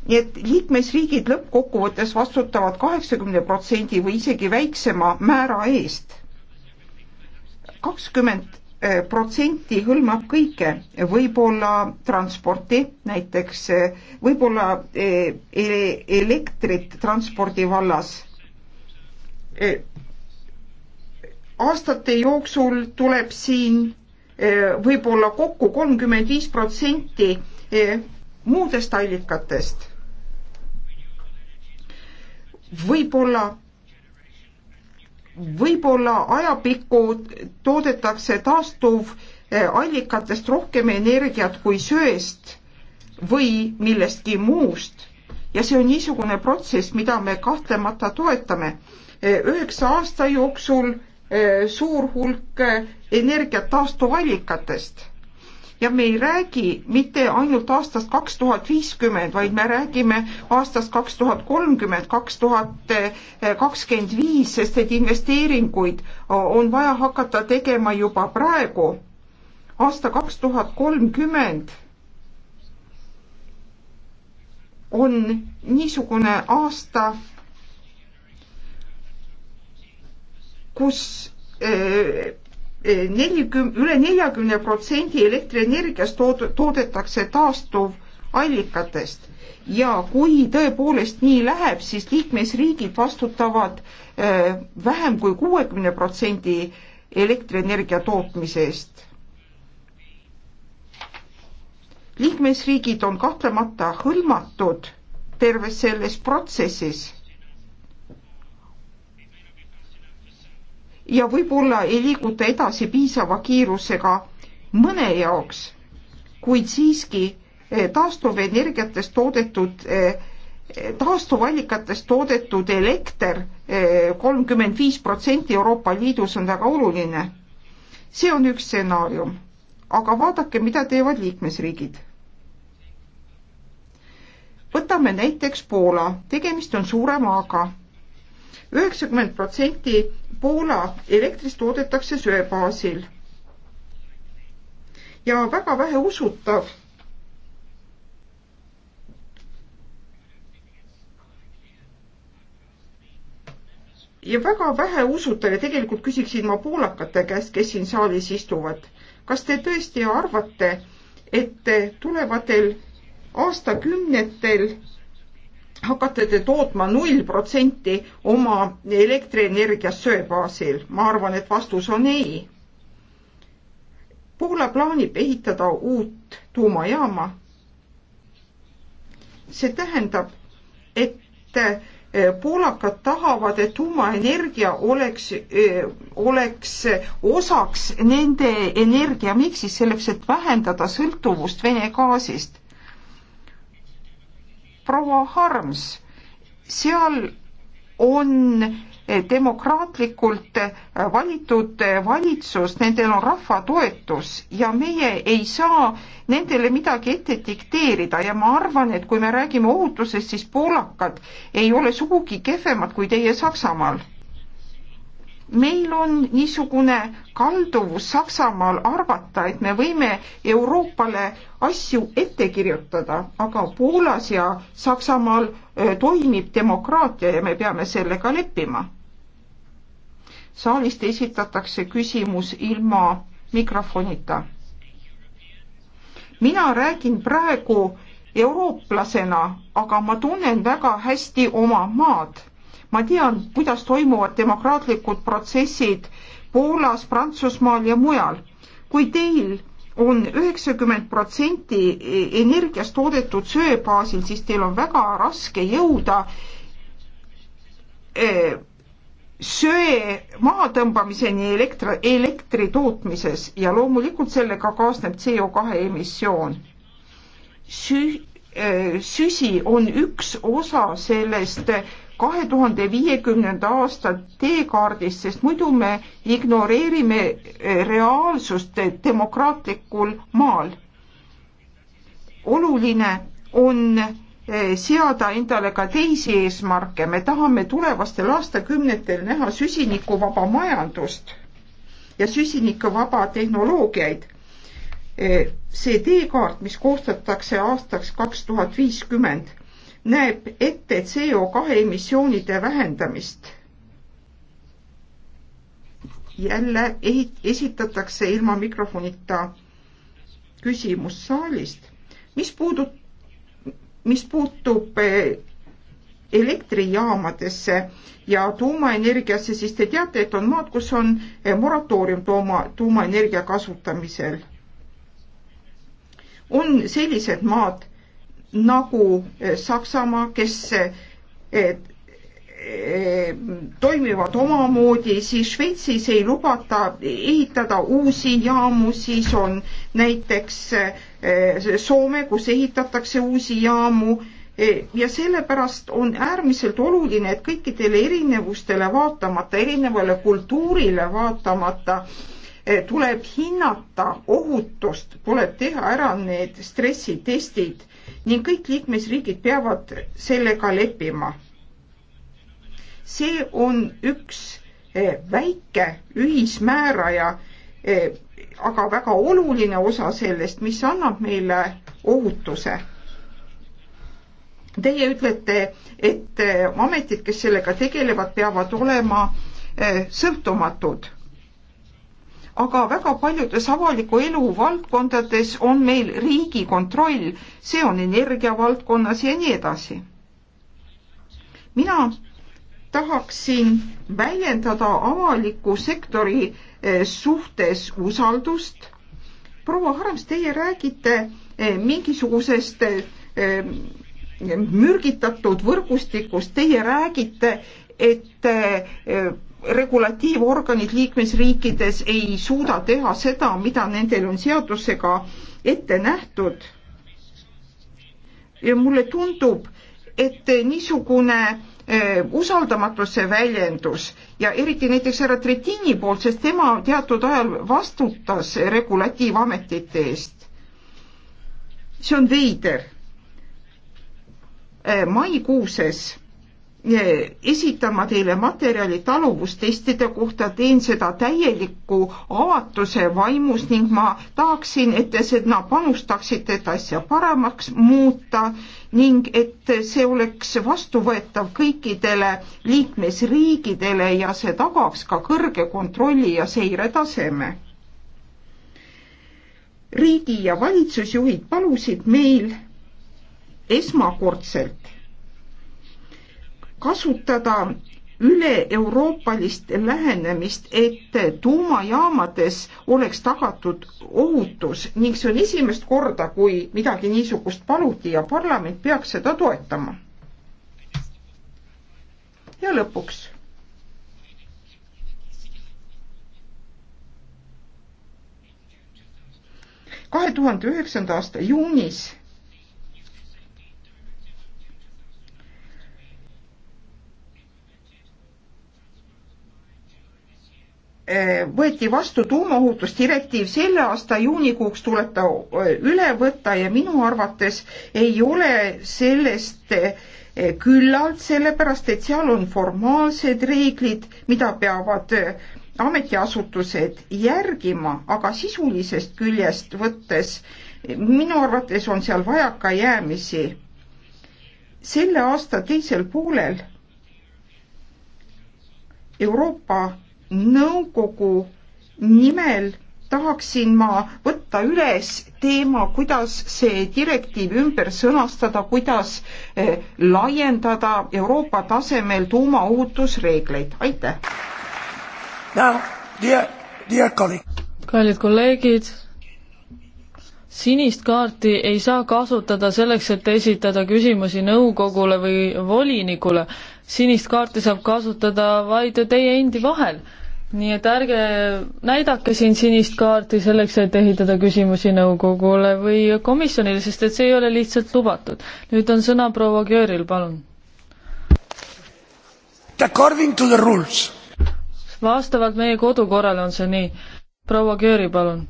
nii et liikmesriigid lõppkokkuvõttes vastutavad kaheksakümne protsendi või isegi väiksema määra eest kakskümmend protsenti hõlmab kõike, võib-olla transporti näiteks, võib-olla eh, e-, elektrit transpordi vallas. Eh, aastate jooksul tuleb siin eh, võib-olla kokku kolmkümmend viis protsenti muudest allikatest. võib-olla võib-olla ajapikku toodetakse taastuvallikatest eh, rohkem energiat kui söest või millestki muust ja see on niisugune protsess, mida me kahtlemata toetame. Eh, üheksa aasta jooksul eh, suur hulk energiat taastuvallikatest ja me ei räägi mitte ainult aastast kaks tuhat viiskümmend, vaid me räägime aastast kaks tuhat kolmkümmend, kaks tuhat kakskümmend viis, sest et investeeringuid on vaja hakata tegema juba praegu. aasta kaks tuhat kolmkümmend on niisugune aasta, kus äh, nelikümmend, üle neljakümne protsendi elektrienergiast tood-, toodetakse taastuvallikatest. ja kui tõepoolest nii läheb, siis liikmesriigid vastutavad äh, vähem kui kuuekümne protsendi elektrienergia tootmise eest. liikmesriigid on kahtlemata hõlmatud terves selles protsessis ja võib-olla ei liiguta edasi piisava kiirusega mõne jaoks, kuid siiski eh, taastuvenergiatest toodetud, eh, eh, taastuvallikatest toodetud elekter kolmkümmend viis protsenti Euroopa Liidus on väga oluline. see on üks stsenaarium, aga vaadake, mida teevad liikmesriigid. võtame näiteks Poola, tegemist on suure maaga üheksakümmend protsenti Poola elektrist toodetakse söe baasil. ja väga vähe usutav ja väga vähe usutav ja tegelikult küsiksin ma poolakate käest, kes siin saalis istuvad. kas te tõesti arvate, et tulevatel aastakümnetel hakkate te tootma null protsenti oma elektrienergiast söe baasil? ma arvan, et vastus on ei. Poola plaanib ehitada uut tuumajaama. see tähendab, et eh, poolakad tahavad, et tuumaenergia oleks, eh, oleks osaks nende energiamiksist, selleks et vähendada sõltuvust Vene gaasist proua Harms, seal on demokraatlikult valitud valitsus, nendel on rahva toetus ja meie ei saa nendele midagi ette dikteerida ja ma arvan, et kui me räägime ohutusest, siis poolakad ei ole sugugi kehvemad kui teie Saksamaal meil on niisugune kalduvus Saksamaal arvata, et me võime Euroopale asju ette kirjutada, aga Poolas ja Saksamaal toimib demokraatia ja me peame sellega leppima. saalist esitatakse küsimus ilma mikrofonita. mina räägin praegu eurooplasena, aga ma tunnen väga hästi oma maad ma tean, kuidas toimuvad demokraatlikud protsessid Poolas, Prantsusmaal ja mujal. kui teil on üheksakümmend protsenti energiast toodetud söe baasil, siis teil on väga raske jõuda eh, söe mahatõmbamiseni elektri, elektri tootmises ja loomulikult sellega kaasneb CO2 emissioon. Sü-, eh, süsi on üks osa sellest kahe tuhande viiekümnenda aasta teekaardist, sest muidu me ignoreerime eh, reaalsust demokraatlikul maal. oluline on eh, seada endale ka teisi eesmärke, me tahame tulevastel aastakümnetel näha süsinikuvaba majandust ja süsinikuvaba tehnoloogiaid. Eh, see teekaart, mis koostatakse aastaks kaks tuhat viiskümmend näeb ette CO2 emissioonide vähendamist. jälle ehit-, esitatakse ilma mikrofonita küsimus saalist. mis puudut-, mis puutub eh, elektrijaamadesse ja tuumaenergiasse, siis te teate, et on maad, kus on eh, moratoorium tuuma, tuumaenergia kasutamisel. on sellised maad, nagu eh, Saksamaa, kes eh, eh, toimivad omamoodi, siis Šveitsis ei lubata ehitada uusi jaamu, siis on näiteks Soome, kus ehitatakse uusi jaamu ja sellepärast on äärmiselt oluline, et kõikidele erinevustele vaatamata, erinevale kultuurile vaatamata tuleb hinnata ohutust, tuleb teha ära need stressitestid ning kõik liikmesriigid peavad sellega leppima. see on üks eh, väike ühismääraja, eh, aga väga oluline osa sellest, mis annab meile ohutuse. Teie ütlete, et eh, ametid, kes sellega tegelevad, peavad olema sõltumatud aga väga paljudes avaliku elu valdkondades on meil riigi kontroll, see on energia valdkonnas ja nii edasi. mina tahaksin väljendada avaliku sektori eh, suhtes usaldust. proua Harms, teie räägite eh, mingisugusest eh, mürgitatud võrgustikust, teie räägite, et regulatiivorganid liikmesriikides ei suuda teha seda, mida nendel on seadusega ette nähtud. ja mulle tundub, et niisugune äh, usaldamatuse väljendus ja eriti näiteks härra Tretini poolt, sest tema teatud ajal vastutas regulatiivametite eest. see on veider. Äh, maikuuses esitama teile materjali taluvustestide kohta, teen seda täieliku avatuse vaimus ning ma tahaksin, et te seda panustaksite, et asja paremaks muuta ning et see oleks vastuvõetav kõikidele liikmesriigidele ja see tagaks ka kõrge kontrolli ja seiretaseme. riigi ja valitsusjuhid palusid meil esmakordselt kasutada üle-euroopalist lähenemist, et tuumajaamades oleks tagatud ohutus ning see on esimest korda, kui midagi niisugust paluti ja parlament peaks seda toetama. ja lõpuks. kahe tuhande üheksanda aasta juunis Eh, võeti vastu tuumaohutusdirektiiv, selle aasta juunikuuks tuleb ta eh, üle võtta ja minu arvates ei ole sellest eh, küllalt, sellepärast et seal on formaalsed reeglid, mida peavad ametiasutused järgima, aga sisulisest küljest võttes minu arvates on seal vajakajäämisi. selle aasta teisel poolel Euroopa nõukogu nimel tahaksin ma võtta üles teema, kuidas see direktiiv ümber sõnastada, kuidas eh, laiendada Euroopa tasemel tuumaohutusreegleid, aitäh! kallid kolleegid, sinist kaarti ei saa kasutada selleks, et esitada küsimusi nõukogule või volinikule. sinist kaarti saab kasutada vaid teie endi vahel nii et ärge näidake siin sinist kaarti selleks, et ehitada küsimusi nõukogule või komisjonile, sest et see ei ole lihtsalt lubatud. nüüd on sõna proua Kööril, palun. vastavalt meie kodukorrale on see nii. proua Kööri, palun.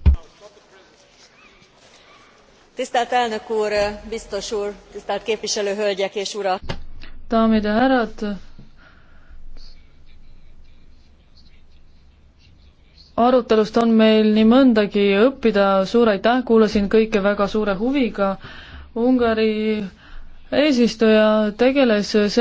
daamid ja härrad arutelust on meil nii mõndagi õppida, suur aitäh, kuulasin kõike väga suure huviga. Ungari eesistuja tegeles